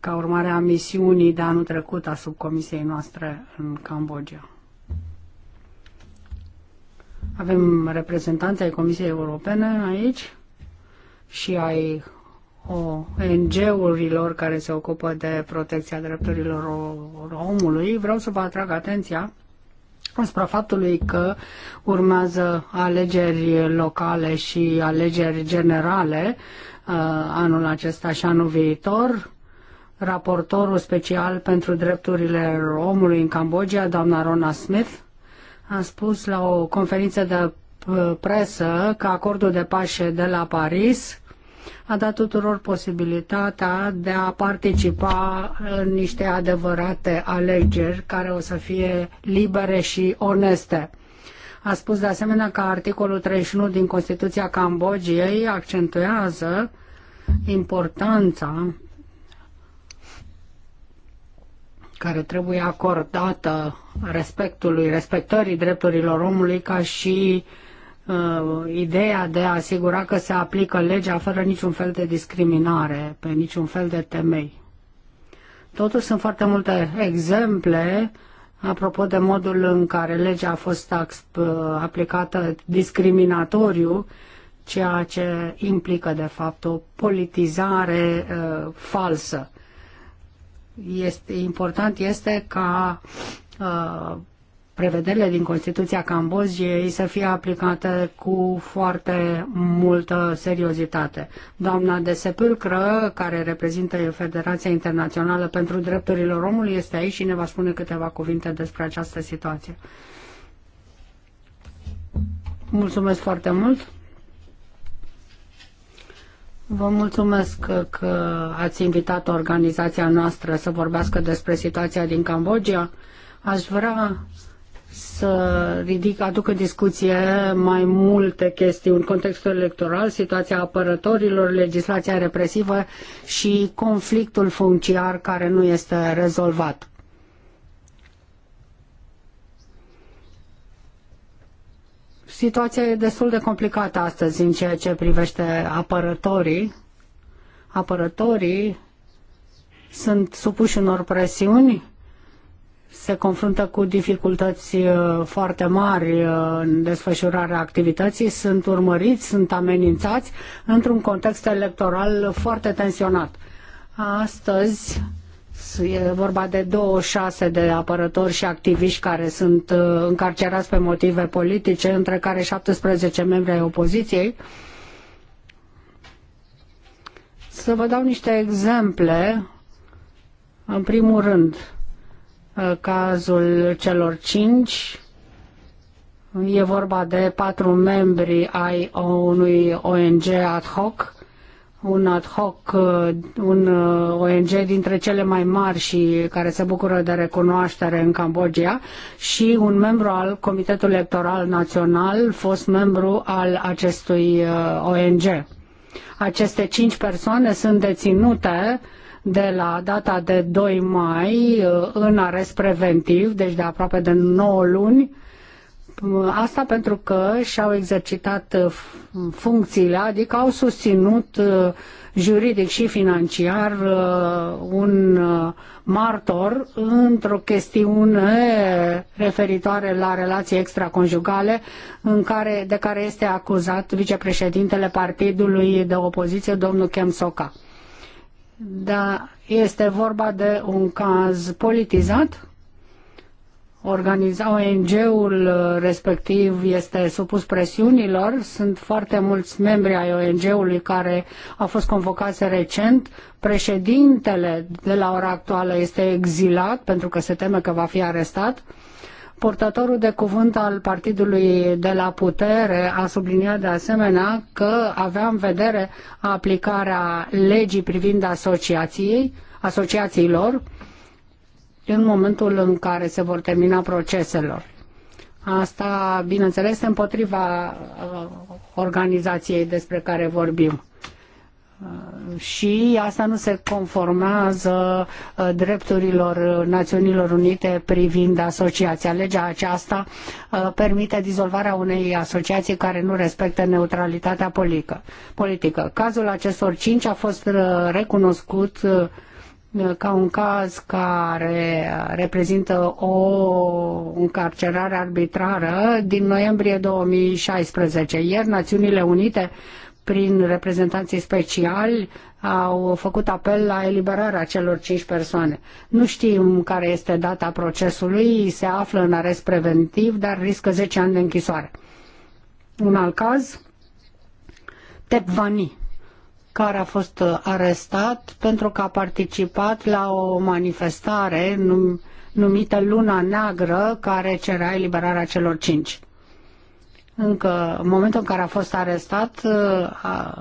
ca urmare a misiunii de anul trecut a subcomisiei noastre în Cambodgia. Avem reprezentanți ai Comisiei Europene aici și ai ONG-urilor care se ocupă de protecția drepturilor omului. Vreau să vă atrag atenția asupra faptului că urmează alegeri locale și alegeri generale uh, anul acesta și anul viitor raportorul special pentru drepturile omului în Cambodgia, doamna Rona Smith, a spus la o conferință de uh, presă că acordul de pace de la Paris a dat tuturor posibilitatea de a participa în niște adevărate alegeri care o să fie libere și oneste. A spus de asemenea că articolul 31 din Constituția Cambodgiei accentuează importanța care trebuie acordată respectului, respectării drepturilor omului ca și uh, ideea de a asigura că se aplică legea fără niciun fel de discriminare, pe niciun fel de temei. Totuși sunt foarte multe exemple apropo de modul în care legea a fost uh, aplicată discriminatoriu, ceea ce implică de fapt o politizare uh, falsă este important este ca uh, prevederile din Constituția Cambodgiei să fie aplicate cu foarte multă seriozitate. Doamna de Sepulcră, care reprezintă Federația Internațională pentru Drepturile Omului, este aici și ne va spune câteva cuvinte despre această situație. Mulțumesc foarte mult! Vă mulțumesc că ați invitat organizația noastră să vorbească despre situația din Cambodgia. Aș vrea să ridic, aduc în discuție mai multe chestiuni, contextul electoral, situația apărătorilor, legislația represivă și conflictul funciar care nu este rezolvat. situația e destul de complicată astăzi în ceea ce privește apărătorii. Apărătorii sunt supuși unor presiuni, se confruntă cu dificultăți uh, foarte mari uh, în desfășurarea activității, sunt urmăriți, sunt amenințați într-un context electoral foarte tensionat. Astăzi E vorba de 26 de apărători și activiști care sunt uh, încarcerați pe motive politice, între care 17 membri ai opoziției. Să vă dau niște exemple. În primul rând, uh, cazul celor cinci. E vorba de patru membri ai unui ONG ad hoc un ad hoc, uh, un uh, ONG dintre cele mai mari și care se bucură de recunoaștere în Cambodgia și un membru al Comitetului Electoral Național, fost membru al acestui uh, ONG. Aceste cinci persoane sunt deținute de la data de 2 mai în arest preventiv, deci de aproape de 9 luni, Asta pentru că și-au exercitat uh, funcțiile, adică au susținut uh, juridic și financiar uh, un martor într-o chestiune referitoare la relații extraconjugale în care, de care este acuzat vicepreședintele partidului de opoziție, domnul Kem Soka. Da, este vorba de un caz politizat organiza ONG-ul uh, respectiv este supus presiunilor. Sunt foarte mulți membri ai ONG-ului care au fost convocați recent. Președintele de la ora actuală este exilat pentru că se teme că va fi arestat. Portatorul de cuvânt al partidului de la putere a subliniat de asemenea că avea în vedere aplicarea legii privind asociației, asociațiilor, în momentul în care se vor termina proceselor. Asta, bineînțeles, împotriva uh, organizației despre care vorbim. Uh, și asta nu se conformează uh, drepturilor Națiunilor Unite privind asociația. Legea aceasta permite dizolvarea unei asociații care nu respectă neutralitatea politică. Cazul acestor cinci a fost recunoscut ca un caz care reprezintă o încarcerare arbitrară din noiembrie 2016. Ieri Națiunile Unite prin reprezentanții speciali au făcut apel la eliberarea celor cinci persoane. Nu știm care este data procesului, se află în arest preventiv, dar riscă 10 ani de închisoare. Un alt caz, Tepvani, care a fost uh, arestat pentru că a participat la o manifestare num- numită Luna Neagră, care cerea eliberarea celor cinci. Încă în momentul în care a fost arestat, uh, a,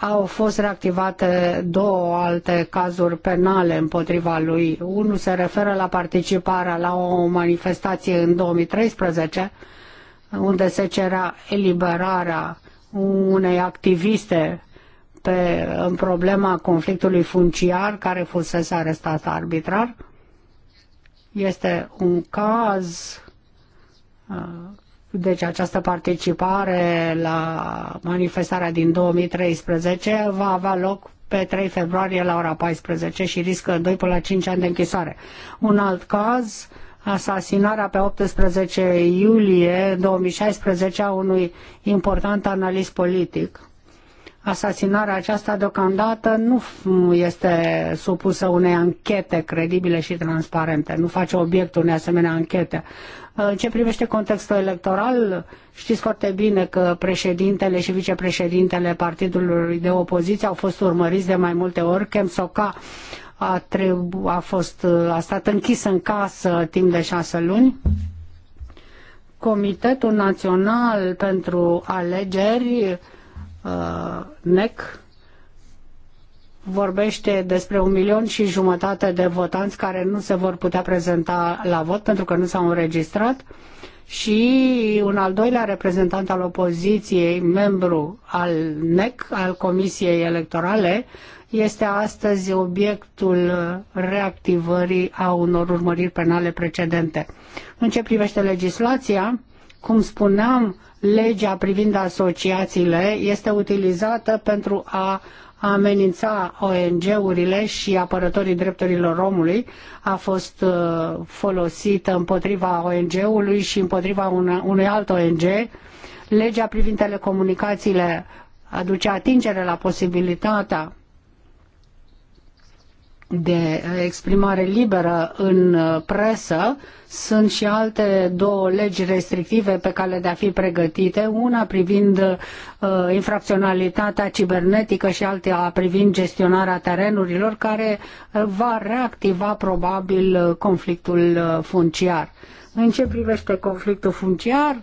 au fost reactivate două alte cazuri penale împotriva lui. Unul se referă la participarea la o manifestație în 2013, unde se cerea eliberarea unei activiste pe, în problema conflictului funciar care fusese arestat arbitrar. Este un caz, uh, deci această participare la manifestarea din 2013 va avea loc pe 3 februarie la ora 14 și riscă 2 până la 5 ani de închisoare. Un alt caz asasinarea pe 18 iulie 2016 a unui important analist politic. Asasinarea aceasta deocamdată nu este supusă unei anchete credibile și transparente, nu face obiectul unei asemenea anchete. În ce privește contextul electoral, știți foarte bine că președintele și vicepreședintele partidului de opoziție au fost urmăriți de mai multe ori. Kem Soka a, trebu- a, fost, a stat închis în casă timp de șase luni. Comitetul Național pentru Alegeri, uh, NEC, vorbește despre un milion și jumătate de votanți care nu se vor putea prezenta la vot pentru că nu s-au înregistrat și un al doilea reprezentant al opoziției, membru al NEC, al Comisiei Electorale, este astăzi obiectul reactivării a unor urmăriri penale precedente. În ce privește legislația, cum spuneam, legea privind asociațiile este utilizată pentru a amenința ONG-urile și apărătorii drepturilor omului a fost uh, folosită împotriva ONG-ului și împotriva unui alt ONG. Legea privind telecomunicațiile aduce atingere la posibilitatea de exprimare liberă în uh, presă, sunt și alte două legi restrictive pe care de a fi pregătite, una privind uh, infracționalitatea cibernetică și alta privind gestionarea terenurilor, care uh, va reactiva probabil uh, conflictul funciar. În ce privește conflictul funciar,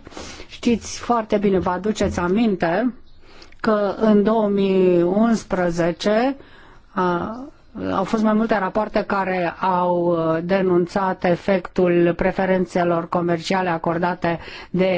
știți foarte bine, vă aduceți aminte că în 2011 uh, au fost mai multe rapoarte care au uh, denunțat efectul preferențelor comerciale acordate de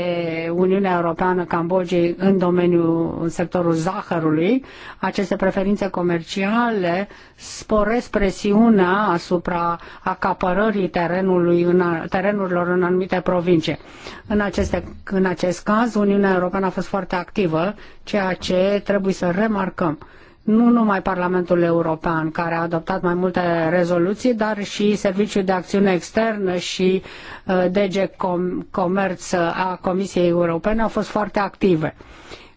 Uniunea Europeană Cambogiei în domeniul în sectorul zahărului. Aceste preferințe comerciale sporesc presiunea asupra acapărării terenului în, terenurilor în anumite provincii. În, aceste, în acest caz, Uniunea Europeană a fost foarte activă, ceea ce trebuie să remarcăm nu numai Parlamentul European, care a adoptat mai multe rezoluții, dar și Serviciul de Acțiune Externă și uh, DG Comerț uh, a Comisiei Europene au fost foarte active.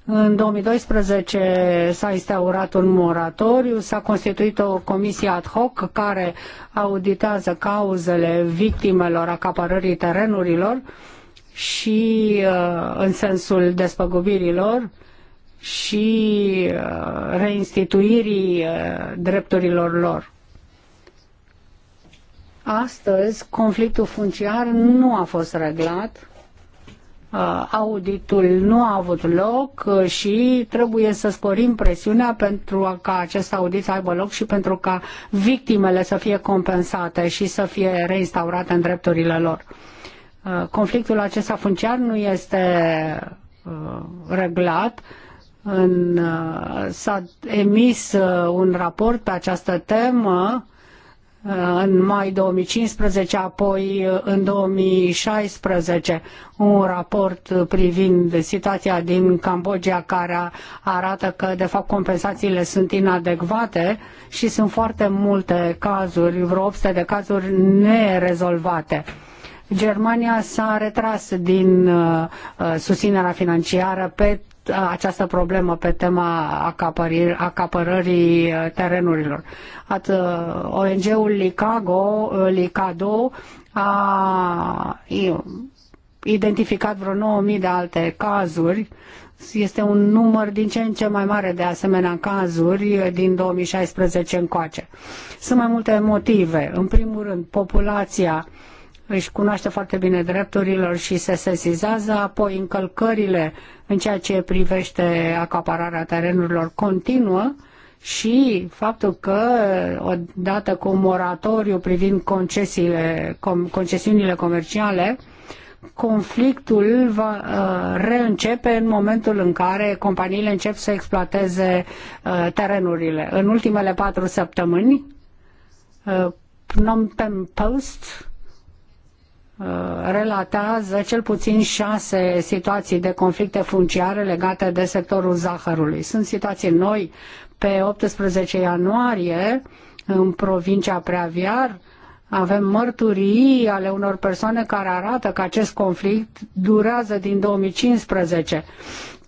În 2012 s-a instaurat un moratoriu, s-a constituit o comisie ad hoc care auditează cauzele victimelor acapărării terenurilor și uh, în sensul despăgubirilor și uh, reinstituirii uh, drepturilor lor. Astăzi, conflictul funciar nu a fost reglat, uh, auditul nu a avut loc și trebuie să sporim presiunea pentru ca acest audit să aibă loc și pentru ca victimele să fie compensate și să fie reinstaurate în drepturile lor. Conflictul acesta funciar nu este reglat în, uh, s-a emis uh, un raport pe această temă uh, în mai 2015, apoi în 2016 un raport privind situația din Cambodgia care arată că de fapt compensațiile sunt inadecvate și sunt foarte multe cazuri, vreo 800 de cazuri nerezolvate. Germania s-a retras din uh, susținerea financiară pe această problemă pe tema acapării, acapărării uh, terenurilor. Uh, ONG-ul Licago, uh, Licado a identificat vreo 9000 de alte cazuri. Este un număr din ce în ce mai mare de asemenea cazuri din 2016 încoace. Sunt mai multe motive. În primul rând, populația uh, își cunoaște foarte bine drepturilor și se sesizează, apoi încălcările în ceea ce privește acapararea terenurilor continuă și faptul că odată cu un moratoriu privind concesiile, concesiunile comerciale, conflictul va uh, reîncepe în momentul în care companiile încep să exploateze uh, terenurile. În ultimele patru săptămâni, uh, Phnom Penh Post, Uh, relatează cel puțin șase situații de conflicte funciare legate de sectorul zahărului. Sunt situații noi pe 18 ianuarie în provincia Preaviar. Avem mărturii ale unor persoane care arată că acest conflict durează din 2015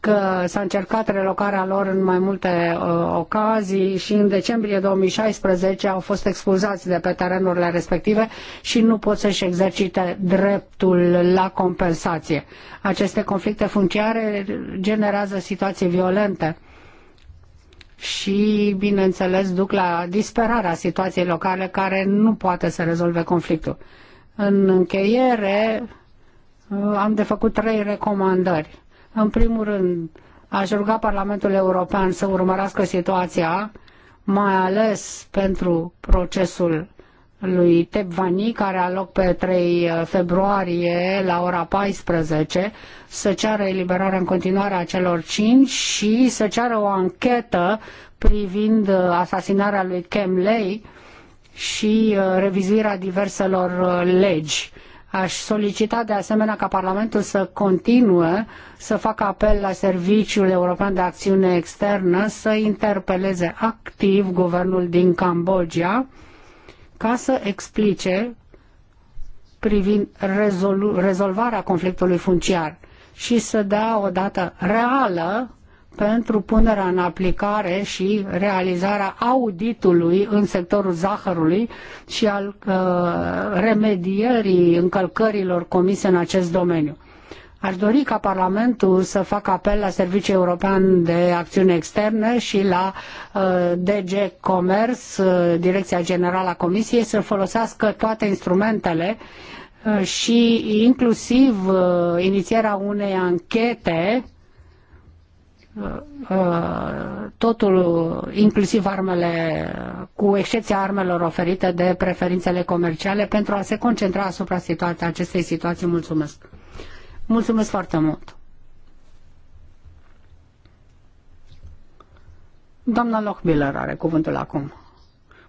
că s-a încercat relocarea lor în mai multe uh, ocazii și în decembrie 2016 au fost expulzați de pe terenurile respective și nu pot să-și exercite dreptul la compensație. Aceste conflicte funciare generează situații violente și, bineînțeles, duc la disperarea situației locale care nu poate să rezolve conflictul. În încheiere, uh, am de făcut trei recomandări în primul rând, aș ruga Parlamentul European să urmărească situația, mai ales pentru procesul lui Tebvani, care a loc pe 3 uh, februarie la ora 14, să ceară eliberarea în continuare a celor cinci și să ceară o anchetă privind uh, asasinarea lui Kem Lei și uh, revizuirea diverselor legi Aș solicita de asemenea ca Parlamentul să continue să facă apel la Serviciul European de Acțiune Externă să interpeleze activ guvernul din Cambodgia ca să explice privind rezolvarea conflictului funciar și să dea o dată reală pentru punerea în aplicare și realizarea auditului în sectorul zahărului și al uh, remedierii încălcărilor comise în acest domeniu. Aș dori ca Parlamentul să facă apel la Serviciul European de Acțiune Externă și la uh, DG Comers, uh, Direcția Generală a Comisiei, să folosească toate instrumentele uh, și inclusiv uh, inițierea unei anchete uh, Uh, totul, inclusiv armele, cu excepția armelor oferite de preferințele comerciale, pentru a se concentra asupra situației acestei situații. Mulțumesc! Mulțumesc foarte mult! Doamna Lochbiller are cuvântul acum.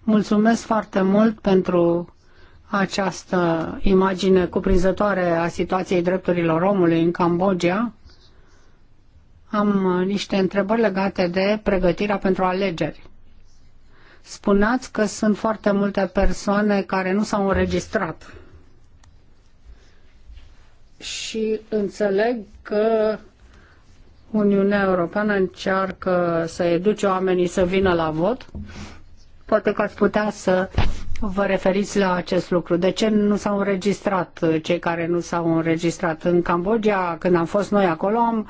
Mulțumesc foarte mult pentru această imagine cuprinzătoare a situației drepturilor omului în Cambodgia am uh, niște întrebări legate de pregătirea pentru alegeri. Spuneați că sunt foarte multe persoane care nu s-au înregistrat. Și înțeleg că Uniunea Europeană încearcă să educe oamenii să vină la vot. Poate că ați putea să vă referiți la acest lucru. De ce nu s-au înregistrat uh, cei care nu s-au înregistrat? În Cambodgia, când am fost noi acolo, am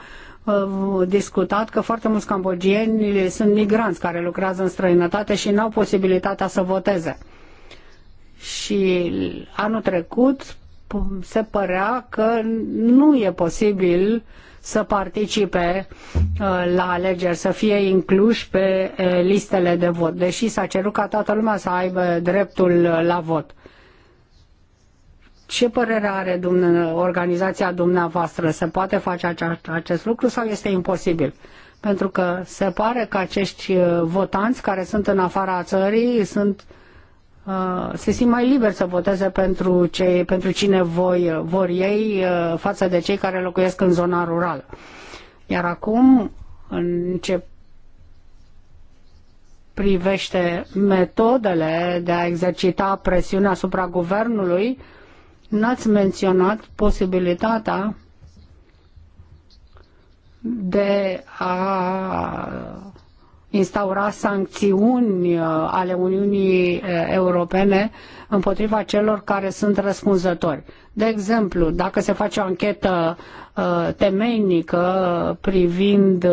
discutat că foarte mulți cambogieni sunt migranți care lucrează în străinătate și nu au posibilitatea să voteze. Și anul trecut se părea că nu e posibil să participe uh, la alegeri, să fie incluși pe uh, listele de vot, deși s-a cerut ca toată lumea să aibă dreptul uh, la vot. Ce părere are dumne, organizația dumneavoastră? Se poate face acest lucru sau este imposibil? Pentru că se pare că acești uh, votanți care sunt în afara țării sunt, uh, se simt mai liberi să voteze pentru, cei, pentru cine voi, vor ei uh, față de cei care locuiesc în zona rurală. Iar acum, în ce privește metodele de a exercita presiunea asupra guvernului, uh, N-ați menționat posibilitatea de a instaura sancțiuni uh, ale Uniunii uh, Europene împotriva celor care sunt răspunzători. De exemplu, dacă se face o anchetă uh, temeinică privind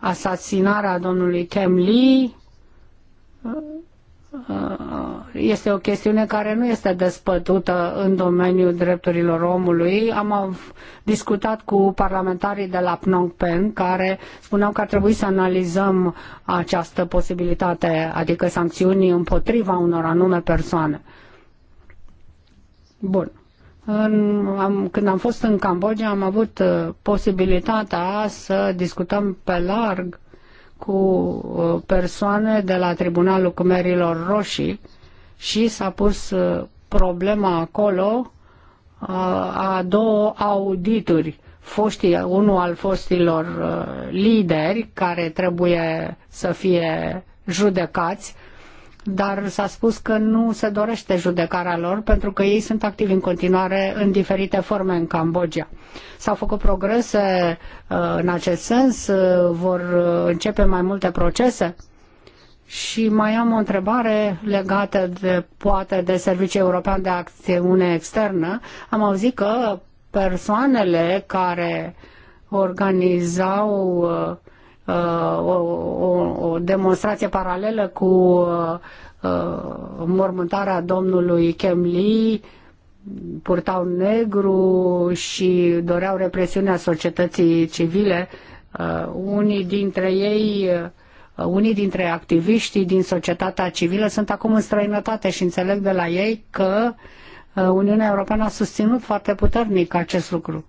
asasinarea domnului Kem Lee, Uh, este o chestiune care nu este despătută în domeniul drepturilor omului. Am discutat cu parlamentarii de la Phnom Penh care spuneau că ar trebui să analizăm această posibilitate, adică sancțiuni împotriva unor anume persoane. Bun. În, am, când am fost în Cambodgia am avut uh, posibilitatea să discutăm pe larg cu uh, persoane de la Tribunalul Cumerilor Roșii și s-a pus uh, problema acolo uh, a două audituri foștii, unul al fostilor lideri care trebuie să fie judecați dar s-a spus că nu se dorește judecarea lor pentru că ei sunt activi în continuare în diferite forme în Cambodgia. S-au făcut progrese uh, în acest sens, uh, vor uh, începe mai multe procese. Și mai am o întrebare legată de, poate de Serviciul European de Acțiune Externă. Am auzit că persoanele care organizau Uh, o, o, o demonstrație paralelă cu uh, uh, mormântarea domnului Kemli, purtau negru și doreau represiunea societății civile. Unii dintre ei unii dintre activiștii din societatea civilă sunt acum în străinătate și înțeleg de la ei că Uniunea Europeană a susținut foarte puternic acest lucru.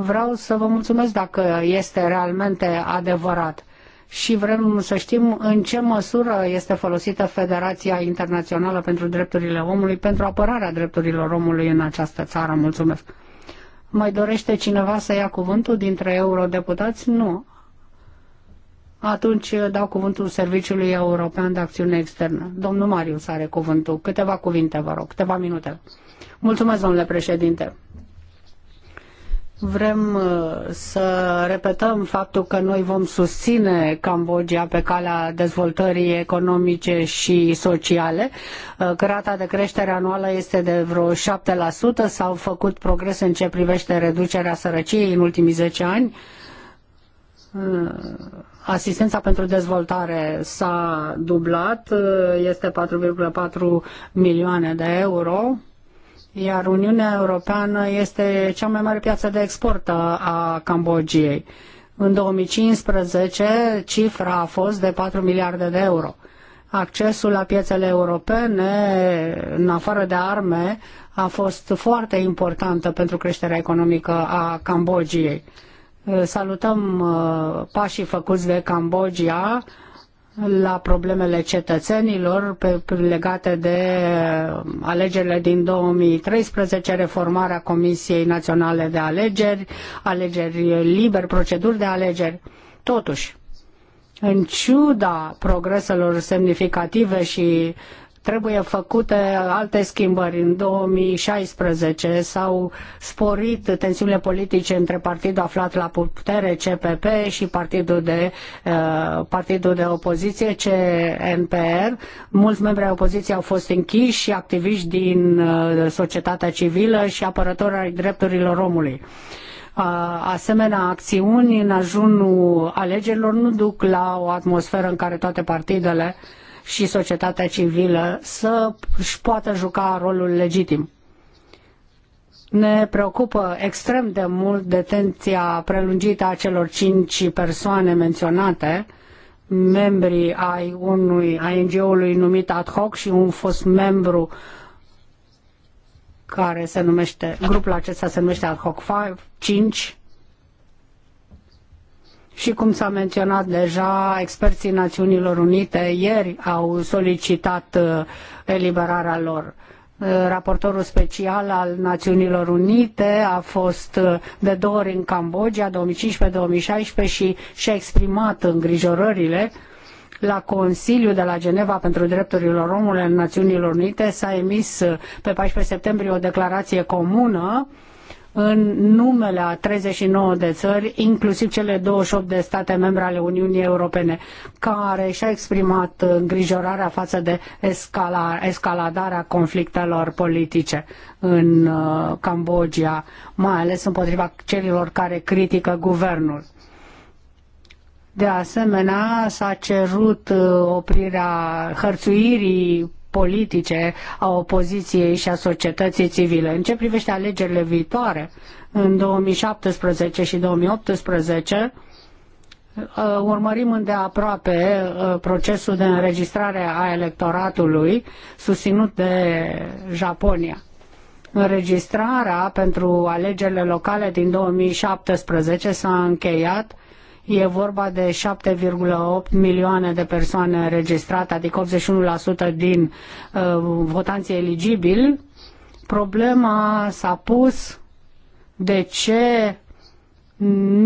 Vreau să vă mulțumesc dacă este realmente adevărat și vrem să știm în ce măsură este folosită Federația Internațională pentru Drepturile Omului pentru apărarea drepturilor omului în această țară. Mulțumesc! Mai dorește cineva să ia cuvântul dintre eurodeputați? Nu. Atunci dau cuvântul Serviciului European de Acțiune Externă. Domnul Marius are cuvântul. Câteva cuvinte, vă rog, câteva minute. Mulțumesc, domnule președinte. Vrem uh, să repetăm faptul că noi vom susține Cambodgia pe calea dezvoltării economice și sociale. Uh, că rata de creștere anuală este de vreo 7%. S-au făcut progrese în ce privește reducerea sărăciei în ultimii zece ani. Uh, asistența pentru dezvoltare s-a dublat, este 4,4 milioane de euro iar Uniunea Europeană este cea mai mare piață de export a Cambodgiei. În 2015 cifra a fost de 4 miliarde de euro. Accesul la piețele europene, în afară de arme, a fost foarte importantă pentru creșterea economică a Cambodgiei. Salutăm uh, pașii făcuți de Cambodgia, la problemele cetățenilor pe, legate de alegerile din 2013, reformarea Comisiei Naționale de Alegeri, alegeri liberi, proceduri de alegeri. Totuși, în ciuda progreselor semnificative și trebuie făcute alte schimbări. În 2016 s-au sporit tensiunile politice între partidul aflat la putere, CPP, și partidul de, uh, partidul de opoziție, CNPR. Mulți membri ai opoziției au fost închiși și activiști din uh, societatea civilă și apărători ai drepturilor omului uh, asemenea acțiuni în ajunul alegerilor nu duc la o atmosferă în care toate partidele uh, și societatea civilă să își poată juca rolul legitim. Ne preocupă extrem de mult detenția prelungită a celor cinci persoane menționate, membrii ai unui ING-ului numit ad hoc și un fost membru care se numește, grupul acesta se numește ad hoc 5, și cum s-a menționat deja, experții Națiunilor Unite ieri au solicitat uh, eliberarea lor. Uh, raportorul special al Națiunilor Unite a fost uh, de două ori în Cambodgia, 2015-2016 și și-a exprimat îngrijorările la Consiliul de la Geneva pentru Drepturile Omului în Națiunilor Unite s-a emis pe 14 septembrie o declarație comună uh, în numele a 39 de țări, inclusiv cele 28 de state membre ale Uniunii Europene, care și-a exprimat îngrijorarea față de escala, escaladarea conflictelor politice în uh, Cambodgia, mai ales împotriva celor care critică guvernul. De asemenea, s-a cerut uh, oprirea hărțuirii politice a opoziției și a societății civile. În ce privește alegerile viitoare, în 2017 și 2018, uh, urmărim îndeaproape uh, procesul de înregistrare a electoratului susținut de Japonia. Înregistrarea pentru alegerile locale din 2017 s-a încheiat E vorba de 7,8 milioane de persoane registrate, adică 81% din uh, votanții eligibili. Problema s-a pus de ce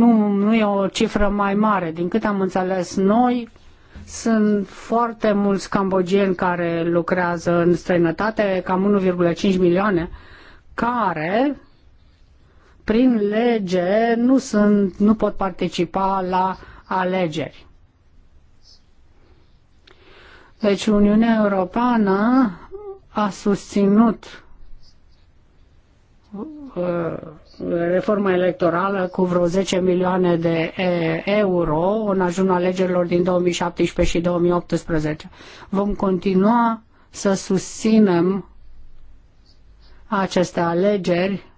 nu, nu e o cifră mai mare. Din câte am înțeles noi, sunt foarte mulți cambogieni care lucrează în străinătate, cam 1,5 milioane, care prin lege nu, sunt, nu pot participa la alegeri. Deci Uniunea Europeană a susținut uh, reforma electorală cu vreo 10 milioane de euro în ajunul alegerilor din 2017 și 2018. Vom continua să susținem aceste alegeri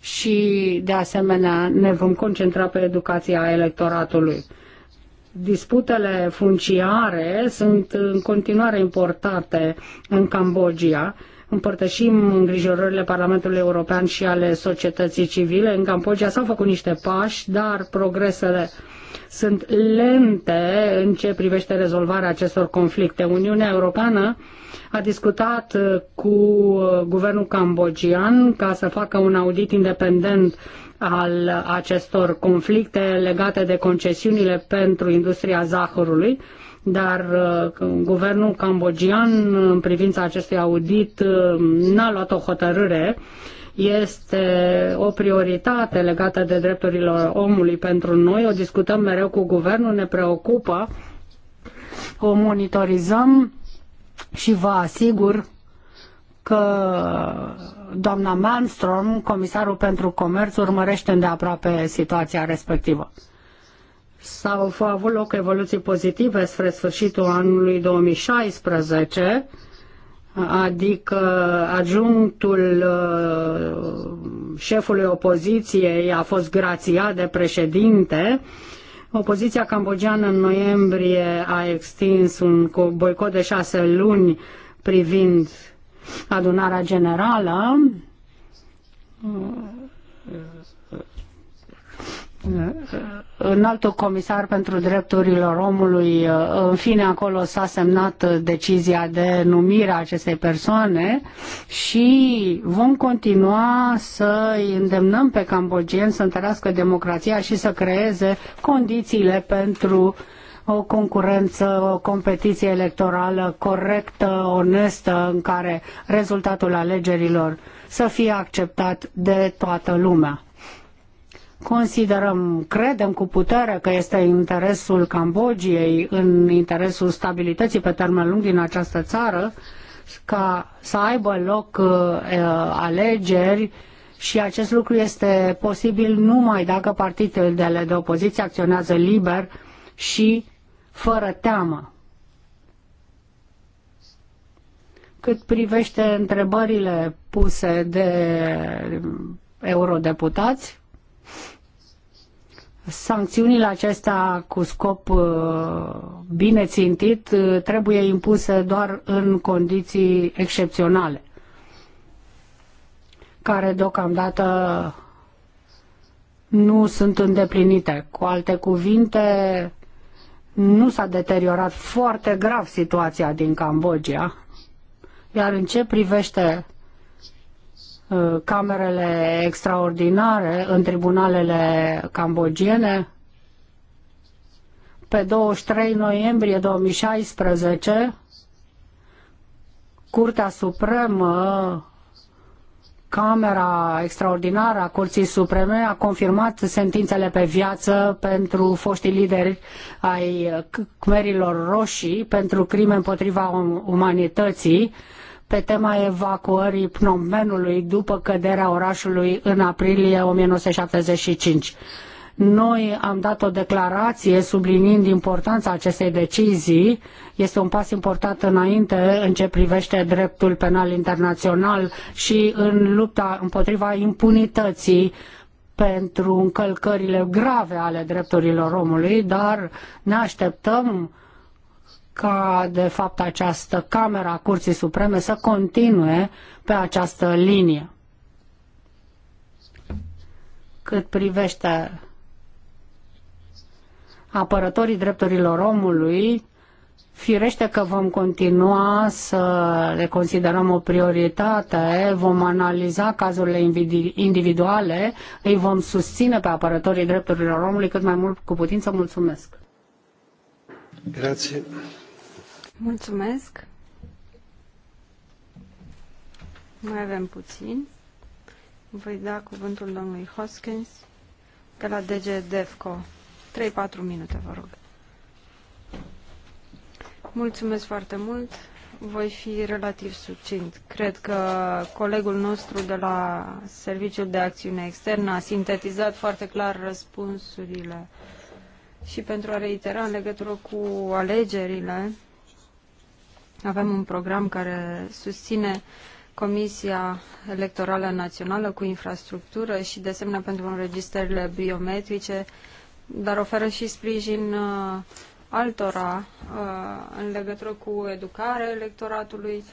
și, de asemenea, ne vom concentra pe educația electoratului. Disputele funciare sunt în continuare importante în Cambodgia. Împărtășim îngrijorările Parlamentului European și ale societății civile. În Cambodgia s-au făcut niște pași, dar progresele uh, sunt lente în ce privește rezolvarea acestor conflicte. Uniunea Europeană a discutat uh, cu uh, guvernul cambogian ca să facă un audit independent al acestor conflicte legate de concesiunile pentru industria zahărului dar uh, guvernul cambogian în privința acestui audit n-a luat o hotărâre este o prioritate legată de drepturile omului pentru noi, o discutăm mereu cu guvernul, ne preocupă, o monitorizăm și vă asigur că doamna Manstrom, comisarul pentru comerț, urmărește îndeaproape situația respectivă. S-au avut loc evoluții pozitive spre sfârșitul anului 2016 adică adjunctul uh, șefului opoziției a fost grațiat de președinte. Opoziția cambogiană în noiembrie a extins un boicot de șase luni privind adunarea generală Uh, înaltul comisar pentru drepturile omului, uh, în fine acolo s-a semnat uh, decizia de numire a acestei persoane și vom continua să îi îndemnăm pe cambogieni să întărească democrația și să creeze condițiile pentru o concurență, o competiție electorală corectă, onestă, în care rezultatul alegerilor să fie acceptat de toată lumea Considerăm, credem cu putere că este interesul Cambodgiei, în interesul stabilității pe termen lung din această țară, ca să aibă loc uh, uh, alegeri și acest lucru este posibil numai dacă partidele de opoziție acționează liber și fără teamă. Cât privește întrebările puse de eurodeputați, Sancțiunile acestea cu scop uh, bine țintit uh, trebuie impuse doar în condiții excepționale, care deocamdată nu sunt îndeplinite. Cu alte cuvinte, nu s-a deteriorat foarte grav situația din Cambodgia, iar în ce privește camerele extraordinare în tribunalele cambogiene. Pe 23 noiembrie 2016, Curtea Supremă, Camera Extraordinară a Curții Supreme a confirmat sentințele pe viață pentru foștii lideri ai Cmerilor Roșii pentru crime împotriva um-, umanității, pe tema evacuării pnomenului după căderea orașului în aprilie 1975. Noi am dat o declarație sublinind importanța acestei decizii. Este un pas important înainte în ce privește dreptul penal internațional și în lupta împotriva impunității pentru încălcările grave ale drepturilor omului, dar ne așteptăm uh, ca, de fapt, această camera a Curții Supreme să continue pe această linie. Cât privește apărătorii drepturilor omului, Firește că vom continua să le considerăm o prioritate, vom analiza cazurile individuale, îi vom susține pe apărătorii drepturilor omului cât mai mult cu putință. Mulțumesc! Grazie. Mulțumesc. Mai avem puțin. Voi da cuvântul domnului Hoskins de la DG DEFCO. 3-4 minute, vă rog. Mulțumesc foarte mult. Voi fi relativ succint. Cred că colegul nostru de la Serviciul de Acțiune Externă a sintetizat foarte clar răspunsurile și pentru a reitera în legătură cu alegerile, avem un program care susține Comisia Electorală Națională cu infrastructură și, de asemenea, pentru înregistrările biometrice, dar oferă și sprijin uh, altora uh, în legătură cu educarea electoratului uh,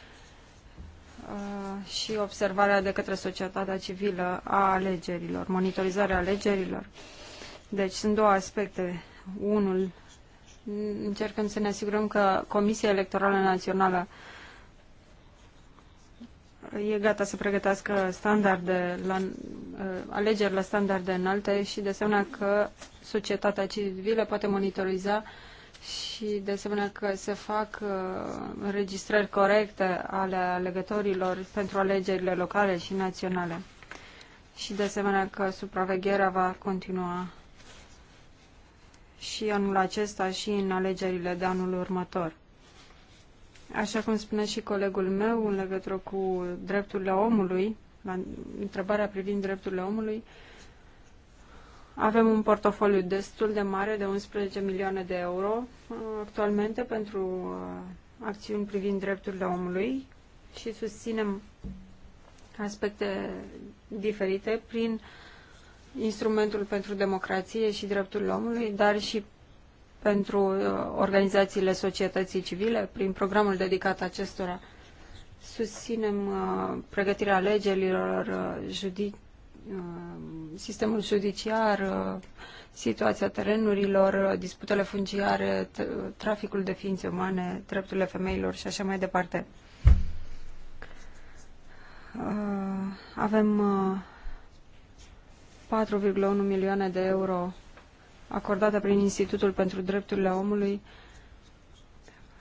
și observarea de către societatea civilă a alegerilor, monitorizarea alegerilor. Deci sunt două aspecte. Unul încercăm să ne asigurăm că Comisia Electorală Națională e gata să pregătească standarde la, uh, alegeri la standarde înalte și de asemenea că societatea civilă poate monitoriza și de asemenea că se fac uh, înregistrări corecte ale alegătorilor pentru alegerile locale și naționale. Și de asemenea că supravegherea va continua și anul acesta și în alegerile de anul următor. Așa cum spune și colegul meu în legătură cu drepturile omului, la întrebarea privind drepturile omului, avem un portofoliu destul de mare, de 11 milioane de euro uh, actualmente pentru uh, acțiuni privind drepturile omului și susținem aspecte diferite prin uh, instrumentul pentru democrație și drepturile omului, dar și pentru uh, organizațiile societății civile, prin programul dedicat acestora. Susținem uh, pregătirea alegerilor, uh, judi sistemul judiciar, situația terenurilor, disputele funciare, traficul de ființe umane, drepturile femeilor și așa mai departe. Avem 4,1 milioane de euro acordată prin Institutul pentru Drepturile Omului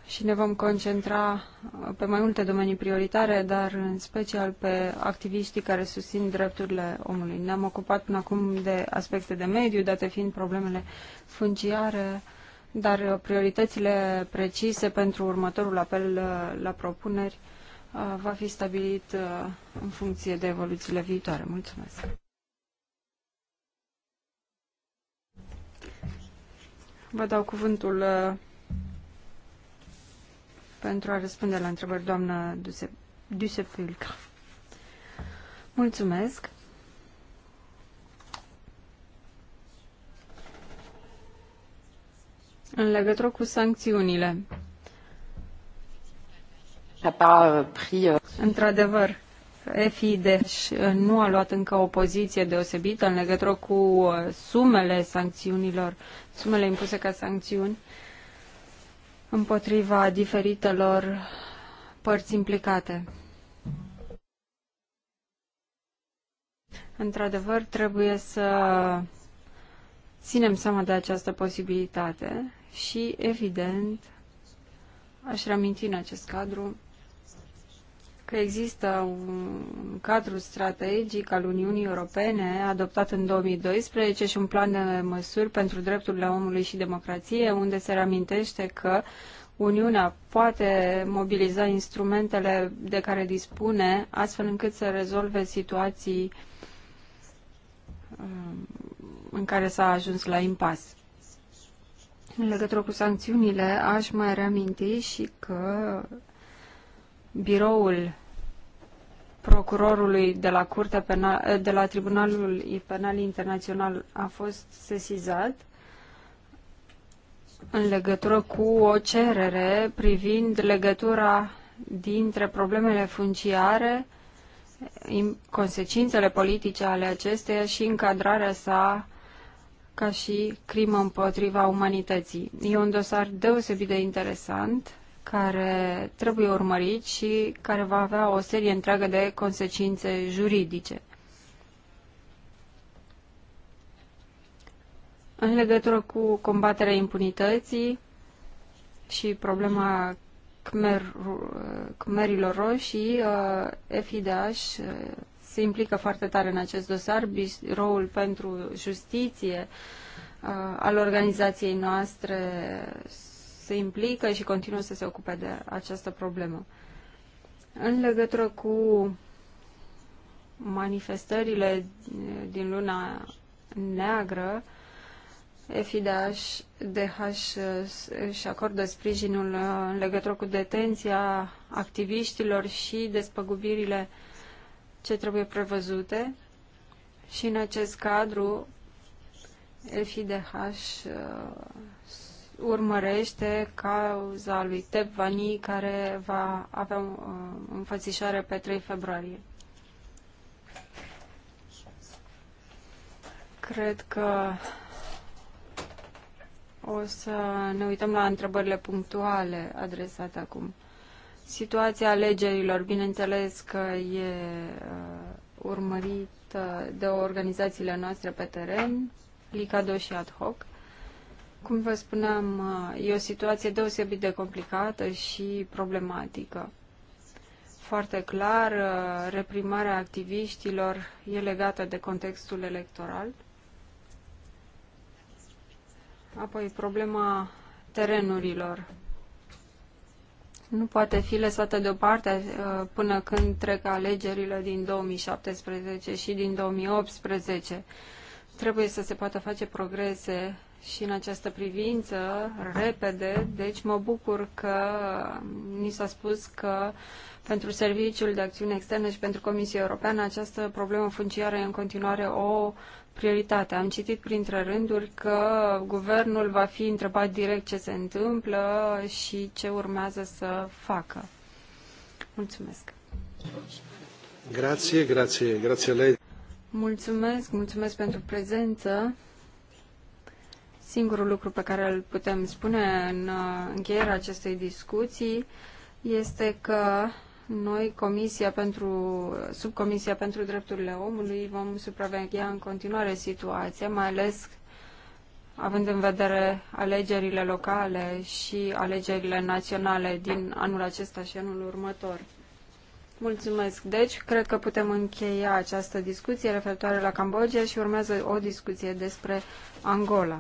și ne vom concentra uh, pe mai multe domenii prioritare, dar în special pe activiștii care susțin drepturile omului. Ne-am ocupat până acum de aspecte de mediu, date fiind problemele funciare, dar uh, prioritățile precise pentru următorul apel uh, la propuneri va fi stabilit în funcție de evoluțiile viitoare. Mulțumesc! Vă dau cuvântul uh, pentru a răspunde la întrebări, doamna Dusefulca. Mulțumesc. În legătură cu sancțiunile. Uh, uh, Într-adevăr, FID deci, nu a luat încă o poziție deosebită în legătură cu uh, sumele sancțiunilor, sumele impuse ca sancțiuni împotriva diferitelor părți implicate. Într-adevăr, trebuie să ținem seama de această posibilitate și, evident, aș reaminti în acest cadru că există un cadru strategic al Uniunii Europene adoptat în 2012 și un plan de măsuri pentru drepturile omului și democrație, unde se reamintește că Uniunea poate mobiliza instrumentele de care dispune, astfel încât să rezolve situații um, în care s-a ajuns la impas. În legătură cu sancțiunile, aș mai reaminti și că biroul procurorului de la, Curtea Penal, de la Tribunalul Penal Internațional a fost sesizat în legătură cu o cerere privind legătura dintre problemele funciare, consecințele politice ale acesteia și încadrarea sa ca și crimă împotriva umanității. E un dosar deosebit de interesant care trebuie urmărit și care va avea o serie întreagă de consecințe juridice. În legătură cu combaterea impunității și problema Khmer, Khmerilor roșii, FIDH uh, uh, se implică foarte tare în acest dosar. Biroul pentru Justiție uh, al organizației noastre se implică și continuă să se ocupe de această problemă. În legătură cu manifestările din luna neagră, FIDH DH își acordă sprijinul în legătură cu detenția activiștilor și despăgubirile ce trebuie prevăzute și în acest cadru FIDH urmărește cauza lui Tep Vani, care va avea o înfățișare pe 3 februarie. Cred că o să ne uităm la întrebările punctuale adresate acum. Situația alegerilor, bineînțeles că e uh, urmărită de organizațiile noastre pe teren, Licado și Ad Hoc cum vă spuneam, e o situație deosebit de complicată și problematică. Foarte clar, reprimarea activiștilor e legată de contextul electoral. Apoi, problema terenurilor. Nu poate fi lăsată deoparte eh, până când trec alegerile din 2017 și din 2018. Trebuie să se poată face progrese și în această privință, repede, deci mă bucur că ni s-a spus că pentru Serviciul de Acțiune Externă și pentru Comisia Europeană această problemă funciară e în continuare o prioritate. Am citit printre rânduri că guvernul va fi întrebat direct ce se întâmplă și ce urmează să facă. Mulțumesc. Grație, grație, grație lei. Mulțumesc, mulțumesc pentru prezență. Singurul lucru pe care îl putem spune în uh, încheierea acestei discuții este că noi, Comisia pentru, Subcomisia pentru Drepturile Omului, vom supraveghea în continuare situația, mai ales având în vedere alegerile locale și alegerile naționale din anul acesta și anul următor. Mulțumesc. Deci, cred că putem încheia această discuție referitoare la Cambodgia și urmează o discuție despre Angola.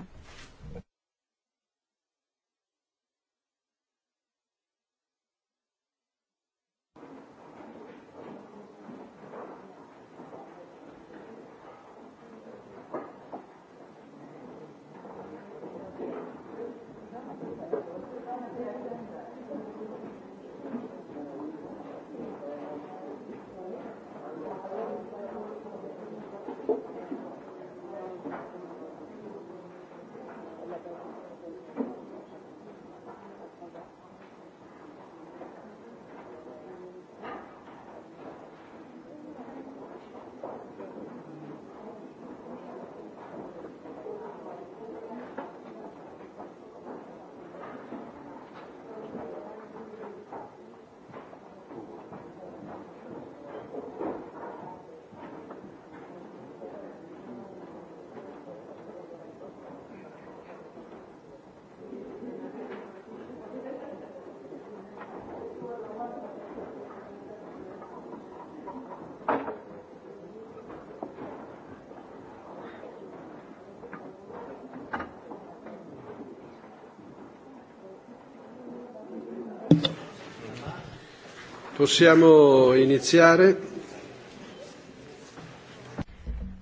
Possiamo iniziare?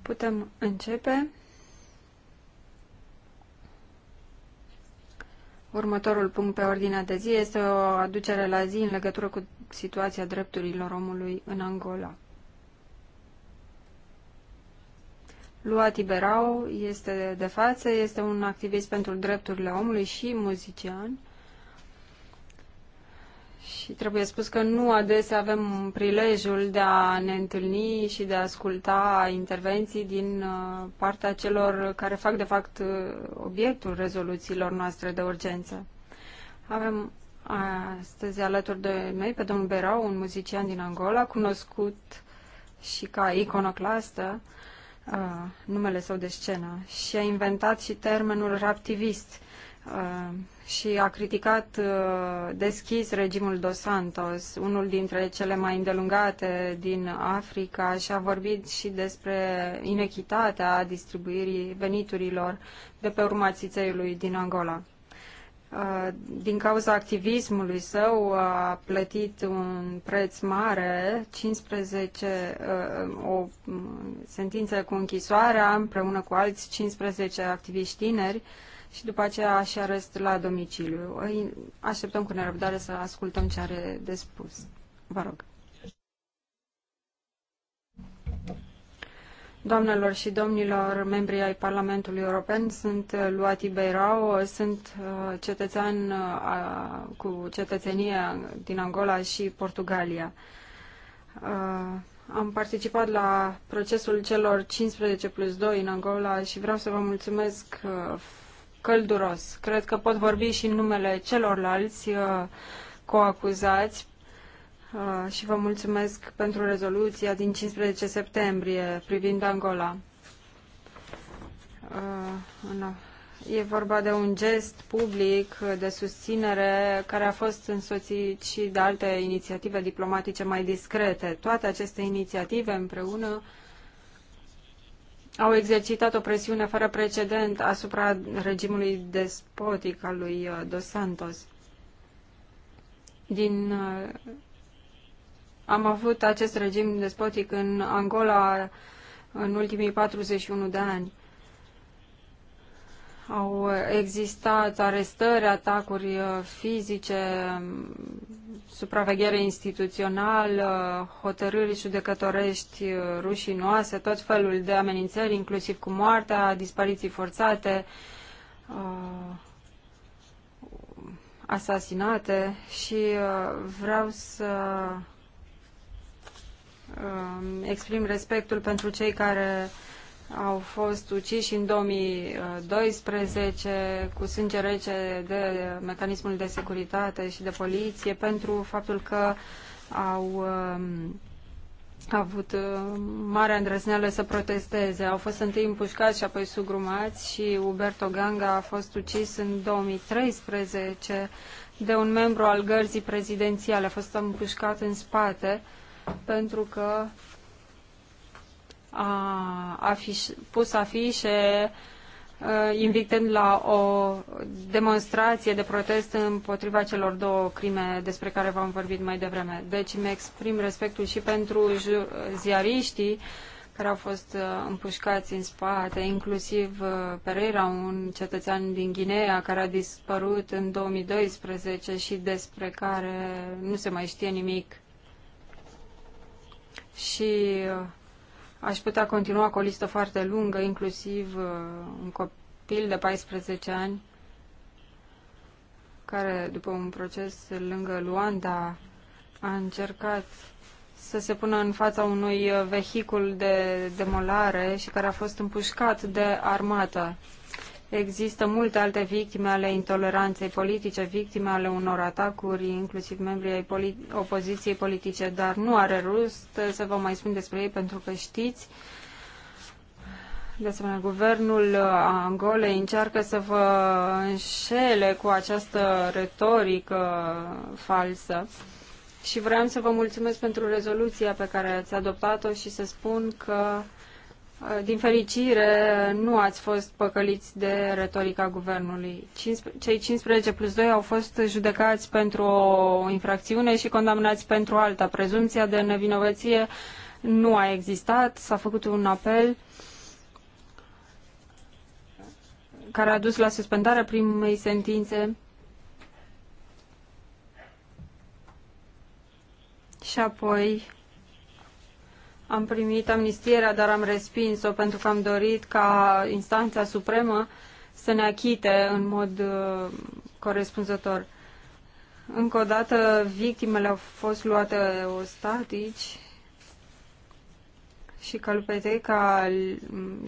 Putem începe. Următorul punct pe ordinea de zi este o aducere la zi în legătură cu situația drepturilor omului în Angola. Lua Tiberau este de față, este un activist pentru drepturile omului și muzician și trebuie spus că nu adesea avem prilejul de a ne întâlni și de a asculta intervenții din uh, partea celor care fac de fapt uh, obiectul rezoluțiilor noastre de urgență. Avem uh, astăzi alături de noi pe domnul Berau, un muzician din Angola, cunoscut și ca iconoclastă, numele său de scenă, și a inventat și termenul raptivist Uh, și a criticat uh, deschis regimul Dos Santos, unul dintre cele mai îndelungate din Africa și a vorbit și despre inechitatea distribuirii veniturilor de pe urma țițeiului din Angola. Uh, din cauza activismului său a plătit un preț mare, 15, o sentință cu închisoarea împreună cu alți 15 activiști tineri, și după aceea și arest la domiciliu. Așteptăm cu nerăbdare să ascultăm ce are de spus. Vă rog. Doamnelor și domnilor, membrii ai Parlamentului European, sunt Luati Beirao, sunt uh, cetățean uh, cu cetățenie din Angola și Portugalia. Uh, am participat la procesul celor 15 plus 2 în Angola și vreau să vă mulțumesc călduros. Cred că pot vorbi și în numele celorlalți uh, coacuzați uh, și vă mulțumesc pentru rezoluția din 15 septembrie privind Angola. Uh, e vorba de un gest public de susținere care a fost însoțit și de alte inițiative diplomatice mai discrete. Toate aceste inițiative împreună au exercitat o presiune fără precedent asupra regimului despotic al lui uh, Dos Santos. Din, uh, am avut acest regim despotic în Angola în ultimii 41 de ani. Au existat arestări, atacuri uh, fizice, um, supraveghere instituțională, uh, hotărâri judecătorești uh, rușinoase, tot felul de amenințări, inclusiv cu moartea, dispariții forțate, uh, asasinate și vreau să exprim respectul pentru cei care au fost uciși în 2012 cu sânge rece de mecanismul de securitate și de poliție pentru faptul că au um, avut uh, mare îndrăzneală să protesteze. Au fost întâi împușcați și apoi sugrumați și Uberto Ganga a fost ucis în 2013 de un membru al gărzii prezidențiale. A fost împușcat în spate pentru că a afiș, pus afișe invitând la o demonstrație de protest împotriva celor două crime despre care v-am vorbit mai devreme. Deci îmi exprim respectul și pentru ziariștii care au fost împușcați în spate, inclusiv Pereira, un cetățean din Guinea care a dispărut în 2012 și despre care nu se mai știe nimic. Și Aș putea continua cu o listă foarte lungă, inclusiv uh, un copil de 14 ani care, după un proces lângă Luanda, a încercat să se pună în fața unui uh, vehicul de demolare și care a fost împușcat de armată. Există multe alte victime ale intoleranței politice, victime ale unor atacuri, inclusiv membrii ai politi- opoziției politice, dar nu are rost să vă mai spun despre ei pentru că știți. De asemenea, guvernul Angolei încearcă să vă înșele cu această retorică falsă. Și vreau să vă mulțumesc pentru rezoluția pe care ați adoptat-o și să spun că din fericire, nu ați fost păcăliți de retorica guvernului. Cei 15 plus 2 au fost judecați pentru o infracțiune și condamnați pentru alta. Prezumția de nevinovăție nu a existat, s-a făcut un apel care a dus la suspendarea primei sentințe și apoi am primit amnistierea, dar am respins-o pentru că am dorit ca instanța supremă să ne achite în mod uh, corespunzător. Încă o dată, victimele au fost luate ostatici și Calpeteca,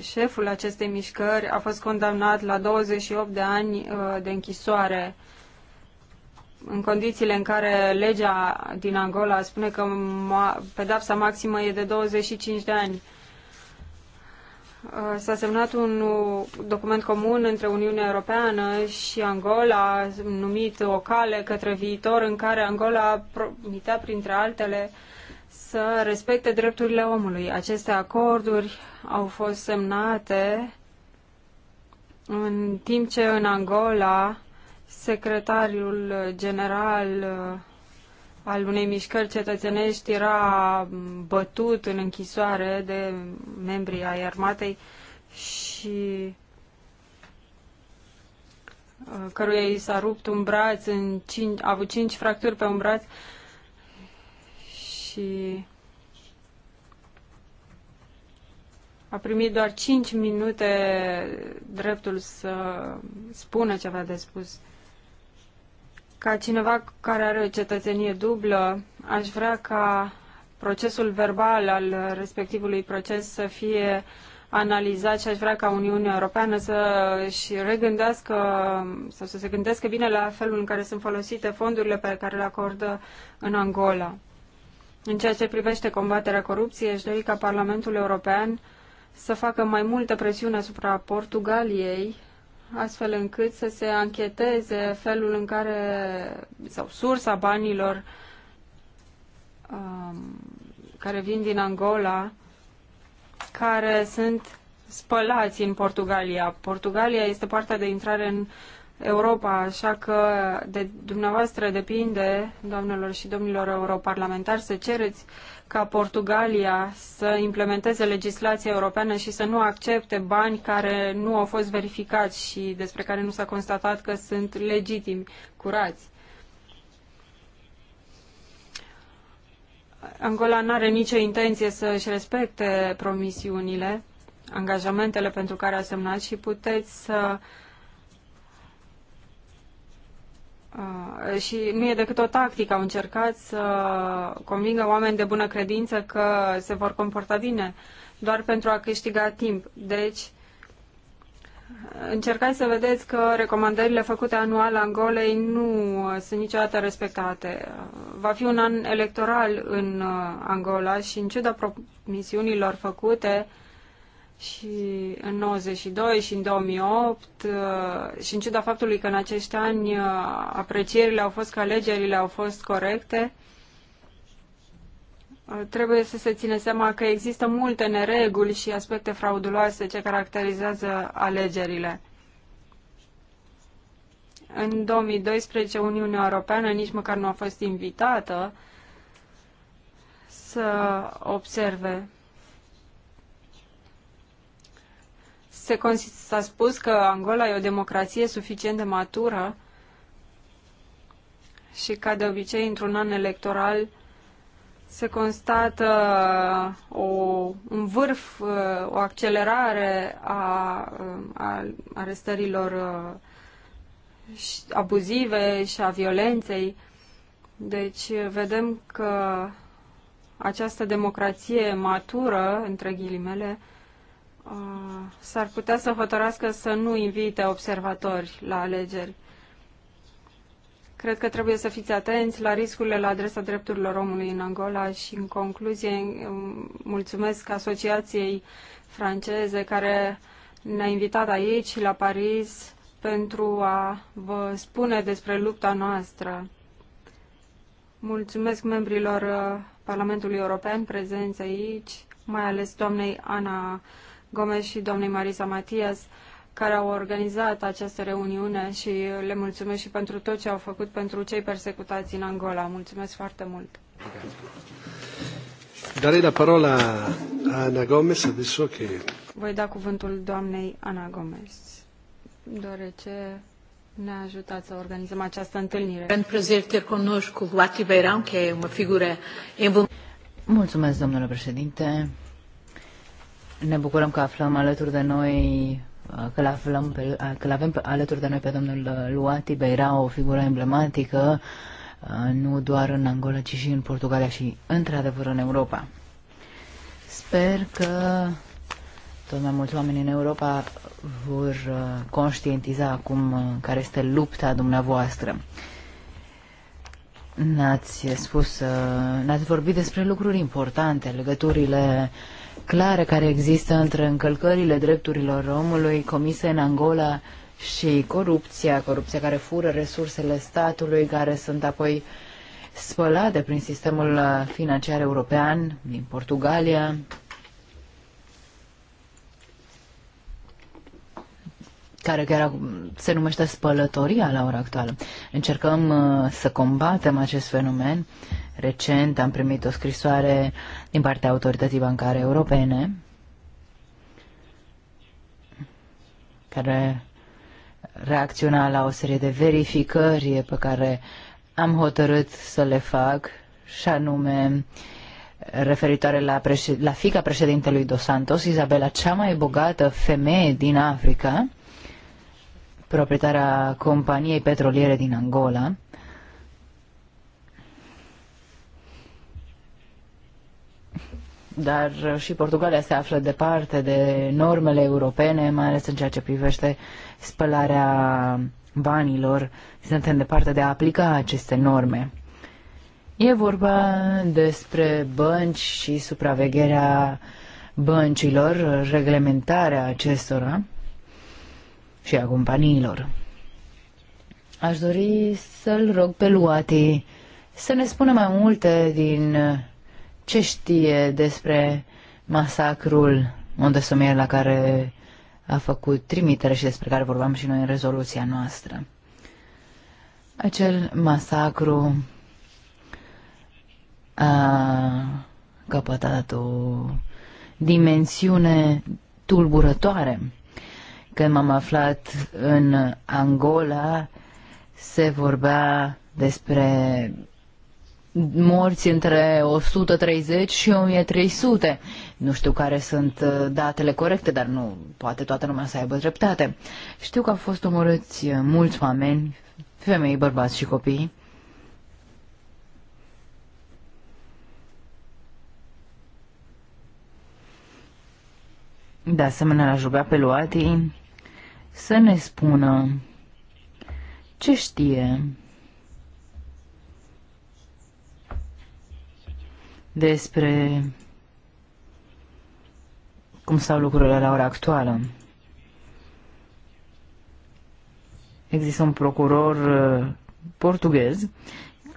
șeful acestei mișcări, a fost condamnat la 28 de ani uh, de închisoare în condițiile în care legea din Angola spune că pedapsa maximă e de 25 de ani. Uh, s-a semnat un document comun între Uniunea Europeană și Angola, numit O cale către viitor, în care Angola promitea, printre altele, să respecte drepturile omului. Aceste acorduri au fost semnate în timp ce în Angola secretariul general uh, al unei mișcări cetățenești era bătut în închisoare de membrii ai armatei și uh, căruia i s-a rupt un braț, în cinci, a avut cinci fracturi pe un braț și a primit doar cinci minute dreptul să spună ceva de spus. Ca cineva care are o cetățenie dublă, aș vrea ca procesul verbal al respectivului proces să fie analizat și aș vrea ca Uniunea Europeană să și regândească sau să se gândească bine la felul în care sunt folosite fondurile pe care le acordă în Angola. În ceea ce privește combaterea corupției, aș dori ca Parlamentul European să facă mai multă presiune asupra Portugaliei astfel încât să se ancheteze felul în care, sau sursa banilor um, care vin din Angola, care sunt spălați în Portugalia. Portugalia este partea de intrare în uh, Europa, așa că de dumneavoastră depinde, doamnelor și domnilor europarlamentari, să cereți ca Portugalia să implementeze legislația europeană și să nu accepte bani care nu au fost verificați și despre care nu s-a constatat că sunt legitimi, curați. Angola nu are nicio intenție să-și respecte promisiunile, angajamentele pentru care a semnat și puteți să uh, Ah, și nu e decât o tactică. Au încercat să convingă oameni de bună credință că se vor comporta bine, doar pentru a câștiga timp. Deci, încercați să vedeți că recomandările făcute anual Angolei nu sunt niciodată respectate. Va fi un an electoral în ah, Angola și, în ciuda promisiunilor făcute, uh, și în 92 și în 2008 uh, și în ciuda faptului că în acești ani uh, aprecierile au fost că alegerile au fost corecte, uh, trebuie să se ține seama că există multe nereguli și aspecte frauduloase ce caracterizează alegerile. În 2012 Uniunea Europeană nici măcar nu a fost invitată să observe s-a spus că Angola e o democrație suficient de matură și ca de obicei într-un an electoral se constată uh, o, un vârf, uh, o accelerare a, uh, a arestărilor abuzive și a violenței. Deci vedem că această democrație matură, între ghilimele, Ah, s-ar putea să hotărască să nu invite observatori la alegeri. Cred că trebuie să fiți atenți la riscurile la adresa drepturilor omului în Angola și, în concluzie, mulțumesc Asociației franceze care ne-a invitat aici, la Paris, pentru a vă spune despre lupta noastră. Mulțumesc membrilor uh, Parlamentului European prezenți aici, mai ales doamnei Ana Gomes și domnului Marisa Matias, care au organizat această reuniune și le mulțumesc și pentru tot ce au făcut pentru cei persecutați în Angola. Mulțumesc foarte mult! Darei la parola a Ana Gomez adesso che... Voi da cuvântul doamnei Ana Gomez, deoarece ne a ajutat să organizăm această întâlnire. Pentru plăcere ter conosco Vlad Ribeirão, care e o figură Mulțumesc, domnule președinte. Ne bucurăm că aflăm alături de noi că l aflăm pe, că avem pe, alături de noi pe domnul Luati Beira, o figură emblematică uh, nu doar în Angola, ci și în Portugalia și într-adevăr în Europa. Sper că tot mai mulți oameni în Europa vor uh, conștientiza acum uh, care este lupta dumneavoastră. N-ați spus, n-ați vorbit despre lucruri importante, legăturile uh, clare care există între încălcările drepturilor omului comise în Angola și corupția, corupția care fură resursele statului, care sunt apoi spălate prin sistemul financiar european din Portugalia, care chiar se numește spălătoria la ora actuală. Încercăm uh, să combatem acest fenomen. Recent am primit o scrisoare din partea Autorității Bancare Europene care reacționa la o serie de verificări pe care am hotărât să le fac și anume referitoare la, președ- la fica președintelui Dos Santos, Isabela, cea mai bogată femeie din Africa, proprietarea companiei petroliere din Angola. Dar și Portugalia se află departe de normele europene, mai ales în ceea ce privește spălarea banilor. Suntem departe de a aplica aceste norme. E vorba despre bănci și supravegherea băncilor, reglementarea acestora și a companiilor. Aș dori să-l rog pe Luati să ne spună mai multe din ce știe despre masacrul Montesumier la care a făcut trimitere și despre care vorbeam și noi în rezoluția noastră. Acel masacru a căpătat o dimensiune tulburătoare. Când m-am aflat în Angola, se vorbea despre morți între 130 și 1300. Nu știu care sunt uh, datele corecte, dar nu poate toată lumea să aibă dreptate. Știu că au fost omorâți uh, mulți oameni, femei, bărbați și copii. De asemenea, la Jubea Luatii, să ne spună ce știe despre cum stau lucrurile la ora actuală. Există un procuror uh, portughez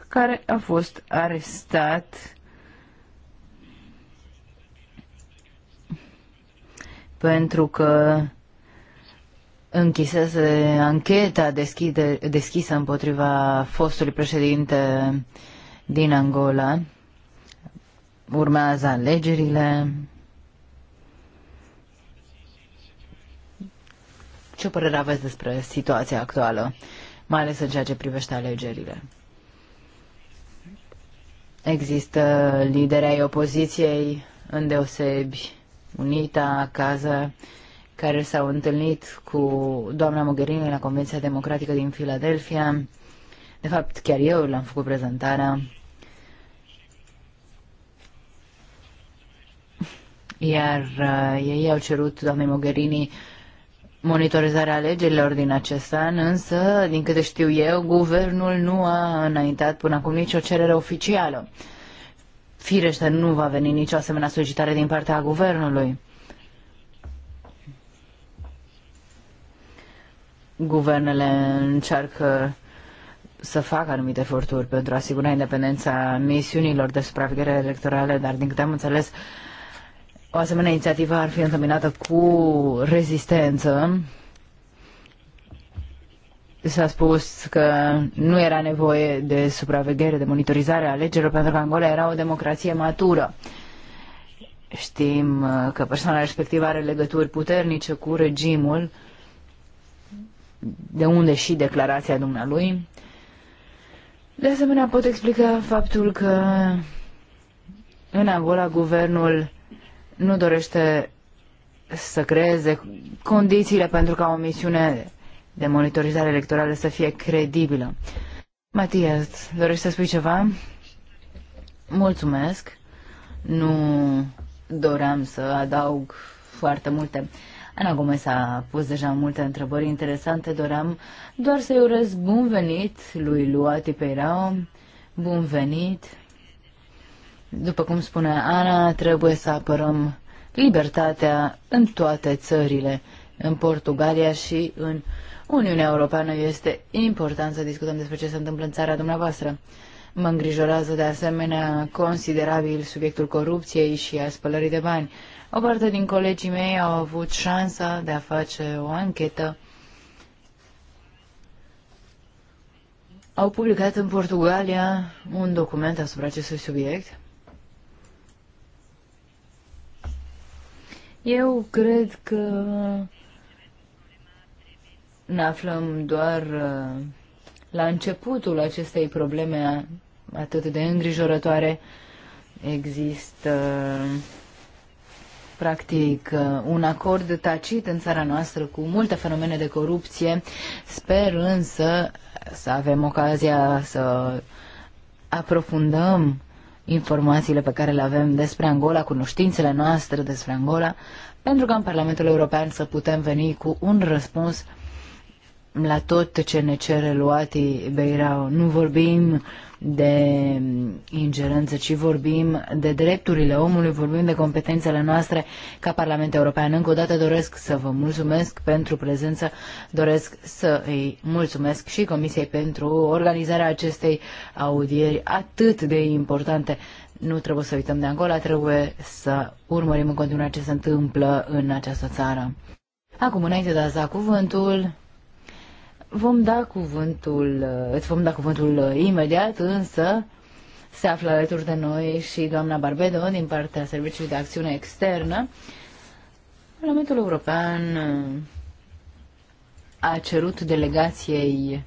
care a fost arestat pentru că închisese ancheta deschide, deschisă împotriva fostului președinte din Angola. Urmează alegerile. Ce părere aveți despre situația actuală, mai ales în ceea ce privește alegerile? Există lideri ai opoziției, îndeosebi UNITA, CAZA, care s-au întâlnit cu doamna Mogherini la Convenția Democratică din Filadelfia. De fapt, chiar eu l-am făcut prezentarea. Iar uh, ei au cerut doamnei Mogherini monitorizarea alegerilor din acest an, însă, din câte știu eu, guvernul nu a înaintat până acum nicio cerere oficială. Firește, nu va veni nicio asemenea solicitare din partea guvernului. guvernele încearcă să facă anumite eforturi pentru a asigura independența misiunilor de supraveghere electorale, dar din câte am înțeles, o asemenea inițiativă ar fi întâmpinată cu rezistență. S-a spus că nu era nevoie de supraveghere, de monitorizare a alegerilor, pentru că Angola era o democrație matură. Știm uh, că persoana respectivă are legături puternice cu regimul de unde și declarația dumnealui. De asemenea, pot explica faptul că în Angola guvernul nu dorește să creeze condițiile pentru ca o misiune de monitorizare electorală să fie credibilă. Matias, dorești să spui ceva? Mulțumesc. Nu doream să adaug foarte multe. Ana Gomes a pus deja multe întrebări interesante, doream doar să-i urez bun venit lui Luati Tipeirao, bun venit. După cum spune Ana, trebuie să apărăm libertatea în toate țările, în Portugalia și în Uniunea Europeană. Este important să discutăm despre ce se întâmplă în țara dumneavoastră. Mă îngrijorează de asemenea considerabil subiectul corupției și a spălării de bani. O parte din colegii mei au avut șansa de a face o anchetă. Au publicat în Portugalia un document asupra acestui subiect. Eu cred că ne aflăm doar uh, la începutul acestei probleme atât de îngrijorătoare. Există practic uh, un acord tacit în țara noastră cu multe fenomene de corupție. Sper însă să avem ocazia să aprofundăm informațiile pe care le avem despre Angola, cunoștințele noastre despre Angola, pentru ca în Parlamentul European să putem veni cu un răspuns la tot ce ne cere luatii Beirao. Nu vorbim uh, de ingerență, ci vorbim de drepturile omului, vorbim de competențele noastre ca Parlament European. Încă o dată doresc să vă mulțumesc pentru prezență, doresc să îi mulțumesc și Comisiei pentru organizarea acestei audieri atât de importante nu trebuie să uităm de Angola, trebuie să urmărim în continuare ce se întâmplă în această țară. Acum, înainte de a da cuvântul, Vom da cuvântul, uh, îți vom da cuvântul uh, imediat, însă se află alături de noi și doamna Barbedo din partea Serviciului de Acțiune Externă. Parlamentul European uh, a cerut delegației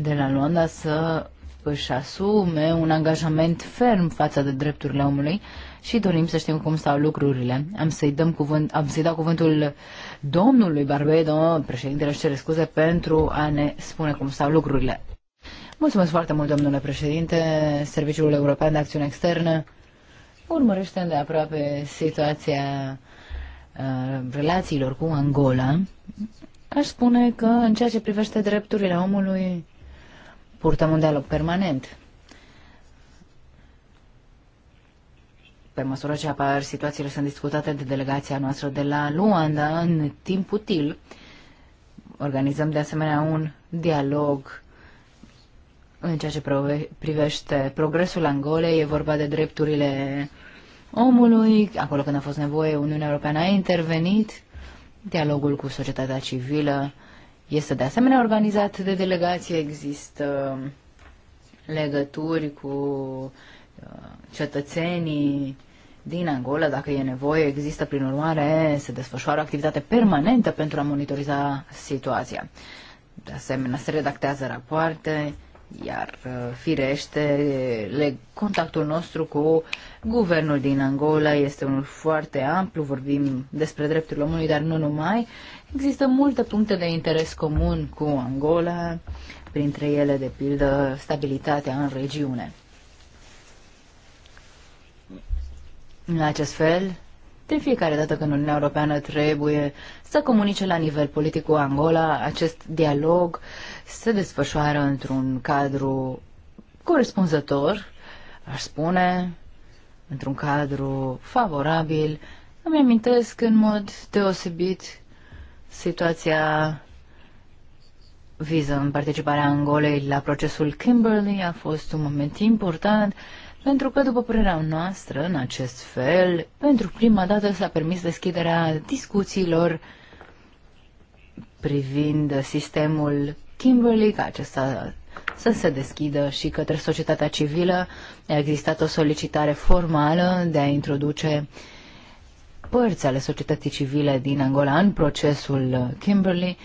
de la Luanda să își asume un angajament ferm față de drepturile omului și dorim să știm cum stau lucrurile. Am să-i, dăm cuvânt, am să-i dau cuvântul domnului Barbedo, președintele își cere scuze, pentru a ne spune cum stau lucrurile. Mulțumesc foarte mult, domnule președinte. Serviciul European de Acțiune Externă urmărește aproape situația uh, relațiilor cu Angola. Aș spune că în ceea ce privește drepturile omului, purtăm un dialog permanent. pe măsură ce apar situațiile sunt discutate de delegația noastră de la Luanda în timp util. Organizăm de asemenea un dialog în ceea ce privește progresul Angolei, e vorba de drepturile omului, acolo când a fost nevoie, Uniunea Europeană a intervenit, dialogul cu societatea civilă este de asemenea organizat de delegație, există legături cu uh, cetățenii din Angola, dacă e nevoie, există prin urmare, se desfășoară activitate permanentă pentru a monitoriza situația. De asemenea, se redactează rapoarte, iar uh, firește le, contactul nostru cu guvernul din Angola este unul foarte amplu, vorbim despre drepturile omului, dar nu numai. Există multe puncte de interes comun cu Angola, printre ele, de pildă, stabilitatea în regiune. În acest fel, de fiecare dată când Uniunea Europeană trebuie să comunice la nivel politic cu Angola, acest dialog se desfășoară într-un cadru corespunzător, aș spune, într-un cadru favorabil. Îmi amintesc în mod deosebit situația viză în participarea Angolei la procesul Kimberley a fost un moment important pentru că, după părerea noastră, în acest fel, pentru prima dată s-a permis deschiderea discuțiilor privind sistemul Kimberley, ca acesta să se deschidă și către societatea civilă. A existat o solicitare formală de a introduce părți ale societății civile din Angola în procesul Kimberley.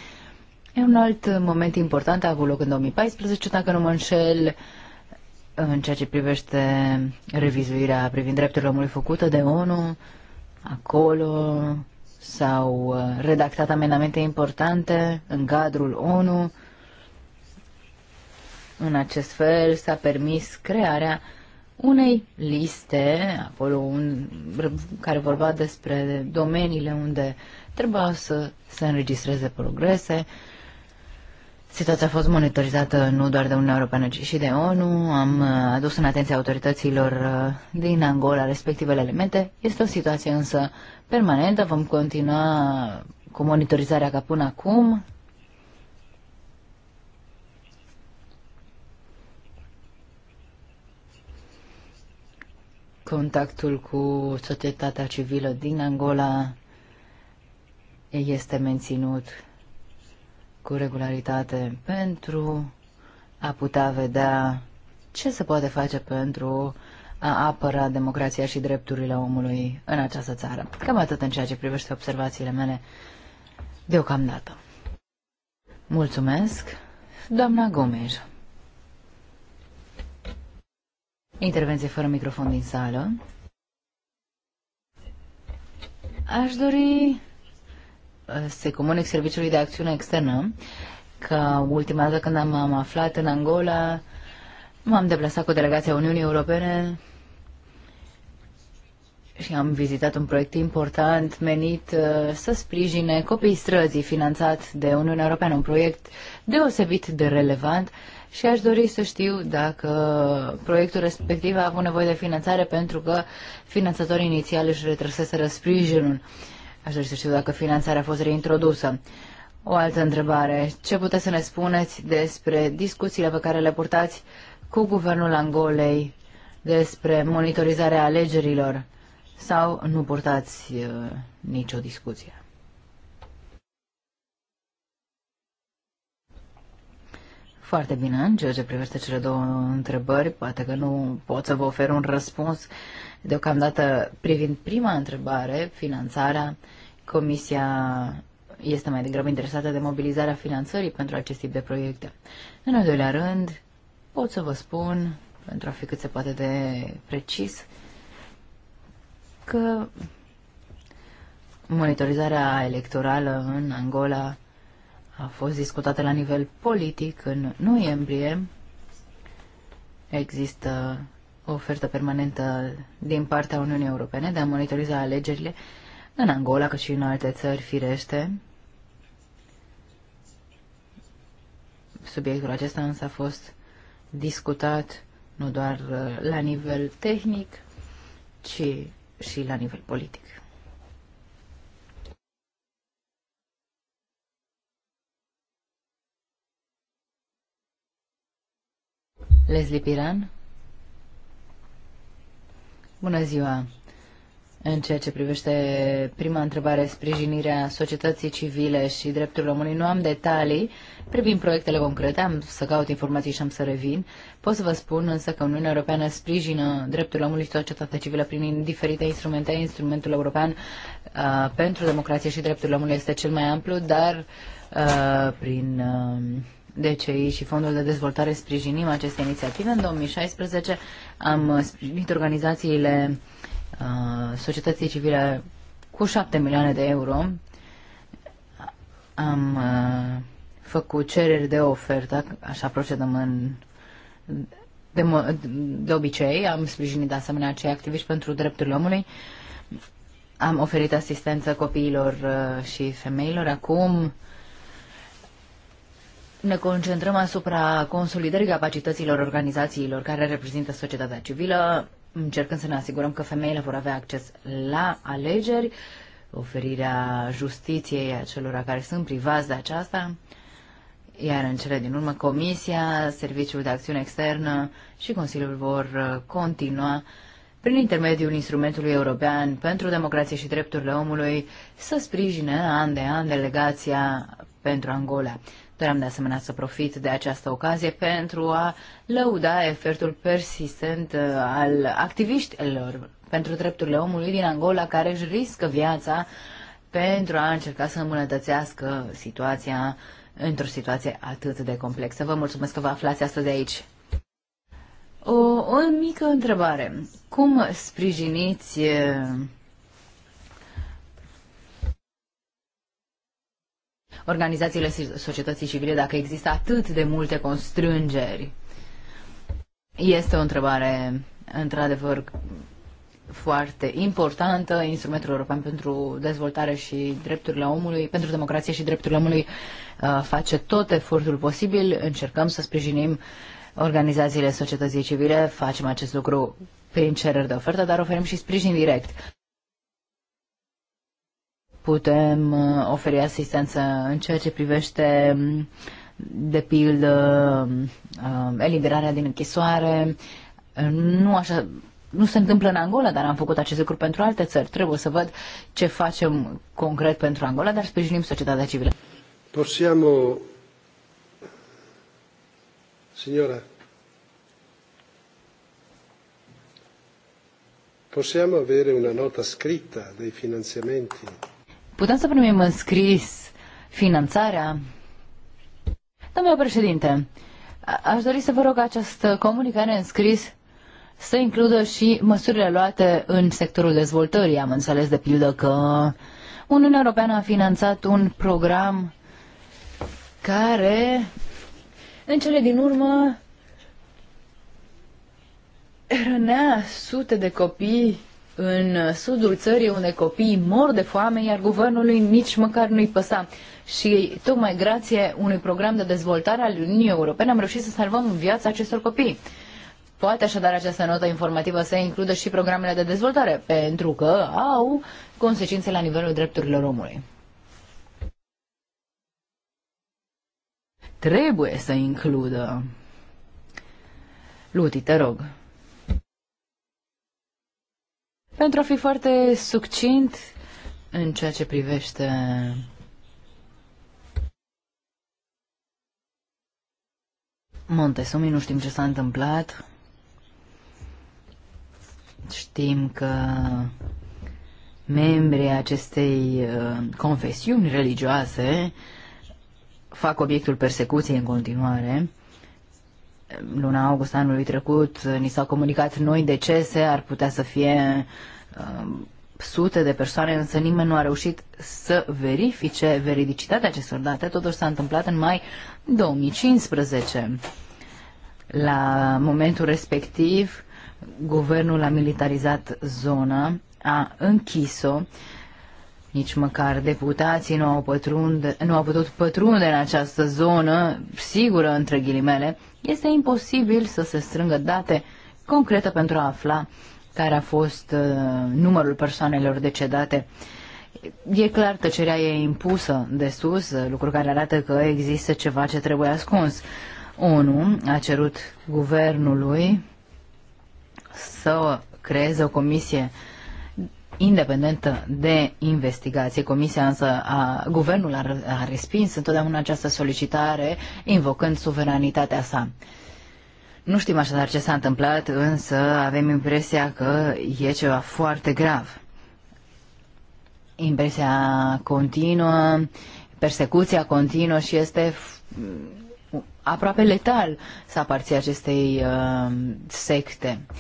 E un alt moment important, a avut loc în 2014, dacă nu mă înșel, în ceea ce privește revizuirea privind drepturile omului făcută de ONU, acolo s-au uh, redactat amendamente importante în cadrul ONU. În acest fel s-a permis crearea unei liste, acolo un, care vorba despre domeniile unde trebuia să se înregistreze progrese, Situația a fost monitorizată nu doar de Uniunea Europeană, ci și de ONU. Am uh, adus în atenția autorităților uh, din Angola respectivele elemente. Este o situație însă permanentă. Vom continua cu monitorizarea ca până acum. Contactul cu societatea civilă din Angola este menținut cu regularitate pentru a putea vedea ce se poate face pentru a apăra democrația și drepturile omului în această țară. Cam atât în ceea ce privește observațiile mele deocamdată. Mulțumesc, doamna Gomes. Intervenție fără microfon din sală. Aș dori se comunic Serviciului de Acțiune Externă că ultima dată când am aflat în Angola, m-am deplasat cu delegația Uniunii Europene și am vizitat un proiect important menit uh, să sprijine copiii străzii finanțat de Uniunea Europeană, un proiect deosebit de relevant și aș dori să știu dacă proiectul respectiv a avut nevoie de finanțare pentru că finanțatorii inițiali își retrăseseră sprijinul. Uh, Aș dori să știu dacă finanțarea a fost reintrodusă. O altă întrebare. Ce puteți să ne spuneți despre discuțiile pe care le purtați cu guvernul Angolei despre monitorizarea alegerilor? Sau nu purtați uh, nicio discuție? Foarte bine, în ceea ce privește cele două întrebări, poate că nu pot să vă ofer un răspuns Deocamdată, privind prima întrebare, finanțarea, Comisia este mai degrabă interesată de mobilizarea finanțării pentru acest tip de proiecte. În al doilea rând, pot să vă spun, pentru a fi cât se poate de precis, că monitorizarea electorală în Angola a fost discutată la nivel politic în noiembrie. Există o ofertă permanentă din partea Uniunii Europene de a monitoriza alegerile în Angola, cât și în alte țări, firește. Subiectul acesta însă a fost discutat nu doar uh, la nivel tehnic, ci și la nivel politic. Leslie Piran Bună ziua! În ceea ce privește prima întrebare, sprijinirea societății civile și dreptul românii, nu am detalii privim proiectele concrete, am să caut informații și am să revin. Pot să vă spun însă că Uniunea Europeană sprijină dreptul omului și societatea civilă prin diferite instrumente. Instrumentul european uh, pentru democrație și dreptul omului este cel mai amplu, dar uh, prin uh, DCI și Fondul de Dezvoltare sprijinim aceste inițiative. În 2016 am sprijinit organizațiile uh, societății civile cu 7 milioane de euro. Am uh, făcut cereri de ofertă, așa procedăm în, de, de obicei. Am sprijinit de asemenea cei activiști pentru drepturile omului. Am oferit asistență copiilor uh, și femeilor. Acum uh, ne concentrăm asupra consolidării capacităților organizațiilor care reprezintă societatea civilă, încercând să ne asigurăm că femeile vor avea acces la alegeri, oferirea justiției celor care sunt privați de aceasta, iar în cele din urmă Comisia, Serviciul de Acțiune Externă și Consiliul vor uh, continua prin intermediul instrumentului european pentru democrație și drepturile omului să sprijine an de an delegația pentru Angola. Doream de asemenea să profit de această ocazie pentru a lăuda efortul persistent uh, al activiștilor pentru drepturile omului din Angola care își riscă viața pentru a încerca să îmbunătățească situația într-o situație atât de complexă. Vă mulțumesc că vă aflați astăzi aici. O, o mică întrebare. Cum sprijiniți uh, organizațiile societății civile dacă există atât de multe constrângeri? Este o întrebare, într-adevăr, foarte importantă. Instrumentul European pentru Dezvoltare și Drepturile Omului, pentru Democrație și Drepturile Omului, uh, face tot efortul posibil. Încercăm să sprijinim organizațiile societății civile, facem acest lucru prin cereri de ofertă, dar oferim și sprijin direct putem uh, oferi asistență în ceea ce privește, mm, de pildă, mm, uh, eliberarea din închisoare. Nu așa, nu se întâmplă în Angola, dar am făcut acest lucru pentru alte țări. Trebuie să văd ce facem concret pentru Angola, dar sprijinim societatea civilă. Possiamo... Signora, possiamo avere una nota scritta dei finanziamenti Putem să primim în scris finanțarea? Domnule președinte, aș dori să vă rog această comunicare în scris să includă și măsurile luate în sectorul dezvoltării. Am înțeles de pildă că Uniunea Europeană a finanțat un program care, în cele din urmă, rănea sute de copii în sudul țării unde copiii mor de foame, iar guvernului nici măcar nu-i păsa. Și tocmai grație unui program de dezvoltare al Uniunii Europene am reușit să salvăm viața acestor copii. Poate așadar această notă informativă să includă și programele de dezvoltare, pentru că au consecințe la nivelul drepturilor omului. Trebuie să includă. Luti, te rog. Pentru a fi foarte succint în ceea ce privește Montesumi, nu știm ce s-a întâmplat. Știm că membrii acestei uh, confesiuni religioase fac obiectul persecuției în continuare luna august anului trecut ni s-au comunicat noi decese, ar putea să fie uh, sute de persoane, însă nimeni nu a reușit să verifice veridicitatea acestor date. Totuși s-a întâmplat în mai 2015. La momentul respectiv, guvernul a militarizat zona, a închis-o, nici măcar deputații nu au, pătrund, nu au putut pătrunde în această zonă sigură, între ghilimele, este imposibil să se strângă date concrete pentru a afla care a fost uh, numărul persoanelor decedate. E clar, tăcerea e impusă de sus, uh, lucru care arată că există ceva ce trebuie ascuns. ONU a cerut guvernului să creeze o comisie independentă de investigație. Comisia însă, a, guvernul a, a respins întotdeauna această solicitare, invocând suveranitatea sa. Nu știm așadar ce s-a întâmplat, însă avem impresia că e ceva foarte grav. Impresia continuă, persecuția continuă și este aproape letal să aparții acestei uh, secte. Uh,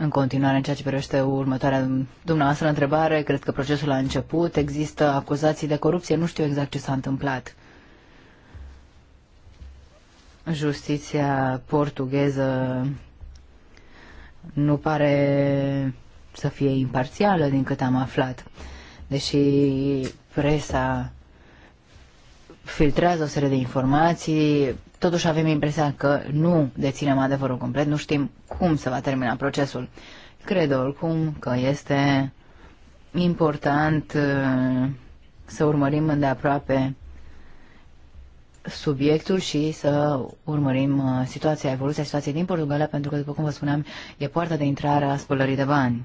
În continuare, în ceea ce privește următoarea dumneavoastră întrebare, cred că procesul a început, există acuzații de corupție, nu știu exact ce s-a întâmplat. Justiția portugheză nu pare să fie imparțială din cât am aflat, deși presa filtrează o serie de informații, Totuși avem impresia că nu deținem adevărul complet, nu știm cum se va termina procesul. Cred oricum că este important uh, să urmărim îndeaproape subiectul și să urmărim uh, situația, evoluția situației din Portugalia, pentru că, după cum vă spuneam, e poarta de intrare a spălării de bani.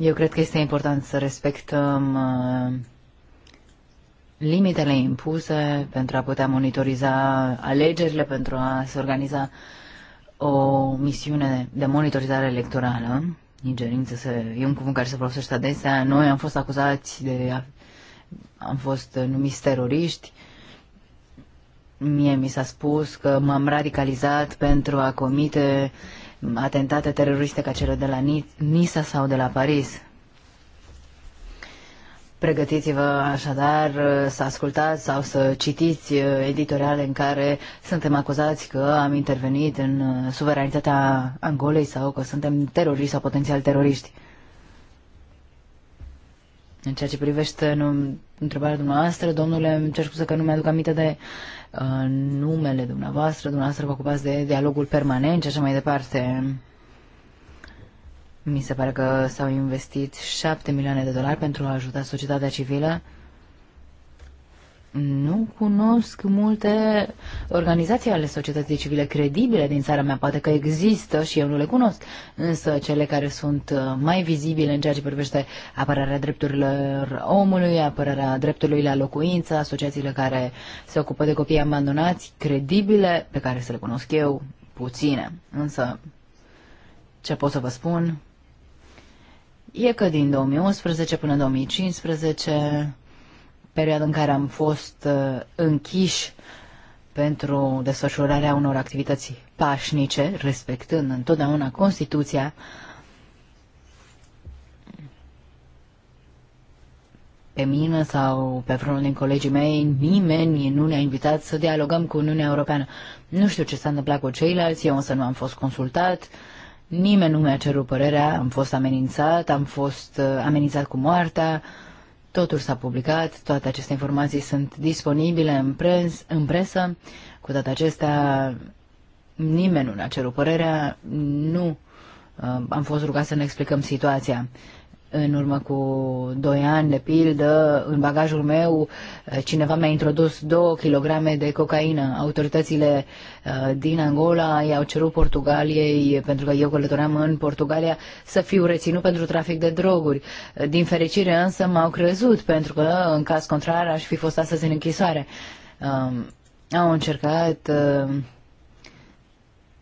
Eu cred că este important să respectăm uh, limitele impuse pentru a putea monitoriza alegerile, pentru a se organiza o misiune de monitorizare electorală. Ingerință se, e un cuvânt care se folosește adesea. Noi am fost acuzați de... am fost numiți teroriști. Mie mi s-a spus că m-am radicalizat pentru a comite uh, atentate teroriste ca cele de la Nisa sau de la Paris. Pregătiți-vă așadar uh, să ascultați sau să citiți uh, editoriale în care suntem acuzați că am intervenit în uh, suveranitatea Angolei sau că suntem teroriști sau potențial teroriști. În ceea ce privește nu, întrebarea dumneavoastră, domnule, îmi cer scuze că nu mi-aduc aminte de numele dumneavoastră, dumneavoastră vă ocupați de dialogul permanent și așa mai departe. Mi se pare că s-au investit 7 milioane de dolari pentru a ajuta societatea civilă nu cunosc multe organizații ale societății civile credibile din țara mea, poate că există și eu nu le cunosc, însă cele care sunt uh, mai vizibile în ceea ce privește apărarea drepturilor omului, apărarea dreptului la locuință, asociațiile care se ocupă de copii abandonați, credibile, pe care să le cunosc eu, puține. Însă, ce pot să vă spun e că din 2011 până 2015 perioadă în care am fost uh, închiși pentru desfășurarea unor activități pașnice, respectând întotdeauna Constituția, pe mine sau pe vreunul din colegii mei, nimeni nu ne-a invitat să dialogăm cu Uniunea Europeană. Nu știu ce s-a întâmplat cu ceilalți, eu însă nu am fost consultat, nimeni nu mi-a cerut părerea, am fost amenințat, am fost uh, amenințat cu moartea, uh, Totul s-a publicat, toate aceste informații sunt disponibile în, pres, în presă. Cu toate acestea, nimeni nu ne-a cerut părerea, nu uh, am fost rugat să ne explicăm situația. În urmă cu doi ani, de pildă, în bagajul meu eh, cineva mi-a introdus 2 kilograme de cocaină. Autoritățile eh, din Angola i-au cerut Portugaliei, pentru că eu călătoream în Portugalia, să fiu reținut pentru trafic de droguri. Eh, din fericire însă m-au crezut, pentru că în caz contrar aș fi fost astăzi în închisoare. Au încercat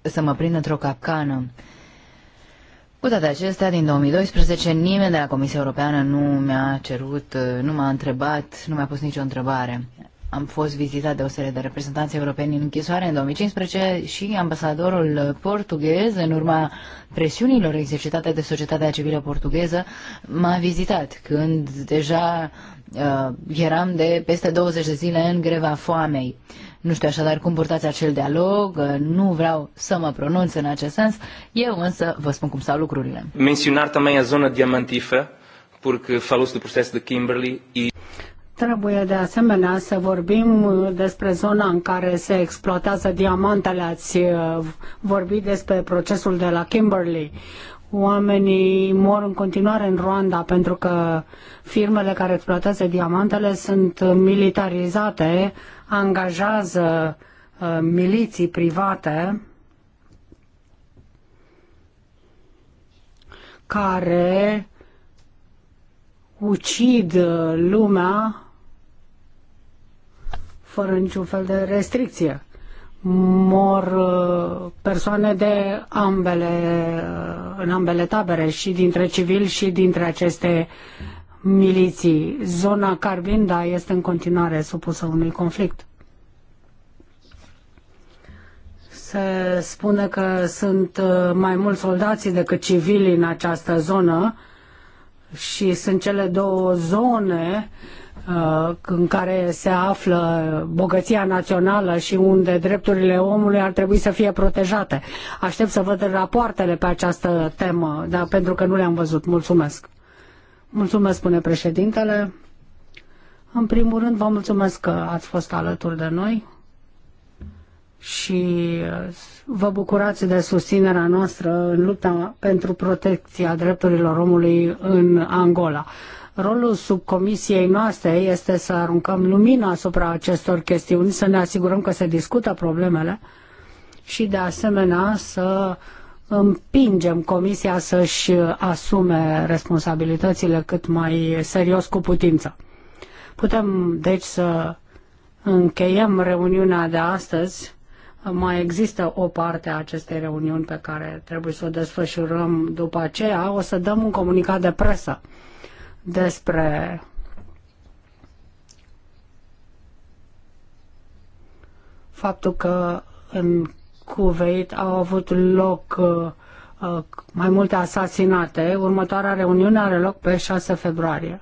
să mă prind într-o capcană. Cu toate acestea, din 2012, nimeni de la Comisia Europeană nu mi-a cerut, nu m-a întrebat, nu mi-a pus nicio întrebare. Am fost vizitat de o serie de reprezentanți europeni în închisoare în 2015 și ambasadorul portughez, în urma presiunilor exercitate de societatea civilă portugheză, m-a vizitat când deja uh, eram de peste 20 de zile în greva foamei. Uh, nu știu așadar cum purtați acel dialog, uh, nu vreau să mă pronunț în acest sens, eu însă vă spun cum stau lucrurile. Menționar também a zona diamantifă, porque uh, falou-se do processo de Kimberley e... Trebuie de asemenea să vorbim uh, despre zona în care se exploatează diamantele. Ați vorbit despre procesul de la Kimberley. Oamenii mor în continuare în Rwanda pentru că firmele care exploatează diamantele sunt militarizate, angajează uh, miliții private care ucid uh, lumea fără niciun fel de restricție. Mor uh, persoane de ambele, uh, în ambele tabere, și dintre civili și dintre aceste miliții. Zona Carbinda este în continuare supusă unui conflict. Se spune că sunt uh, mai mulți soldați decât civili în această zonă și sunt cele două zone uh, în care se află bogăția națională și unde drepturile omului ar trebui să fie protejate. Aștept să văd rapoartele pe această temă, dar pentru că nu le-am văzut. Mulțumesc! Mulțumesc, spune președintele. În primul rând, vă mulțumesc că ați fost alături de noi și vă bucurați de susținerea noastră în lupta pentru protecția drepturilor omului în Angola. Rolul subcomisiei noastre este să aruncăm lumina asupra acestor chestiuni, să ne asigurăm că se discută problemele și de asemenea să împingem Comisia să-și asume responsabilitățile cât mai serios cu putință. Putem, deci, să încheiem reuniunea de astăzi. Mai există o parte a acestei reuniuni pe care trebuie să o desfășurăm după aceea. O să dăm un comunicat de presă despre faptul că în Cuveit au avut loc uh, uh, mai multe asasinate. Următoarea reuniune are loc pe 6 februarie.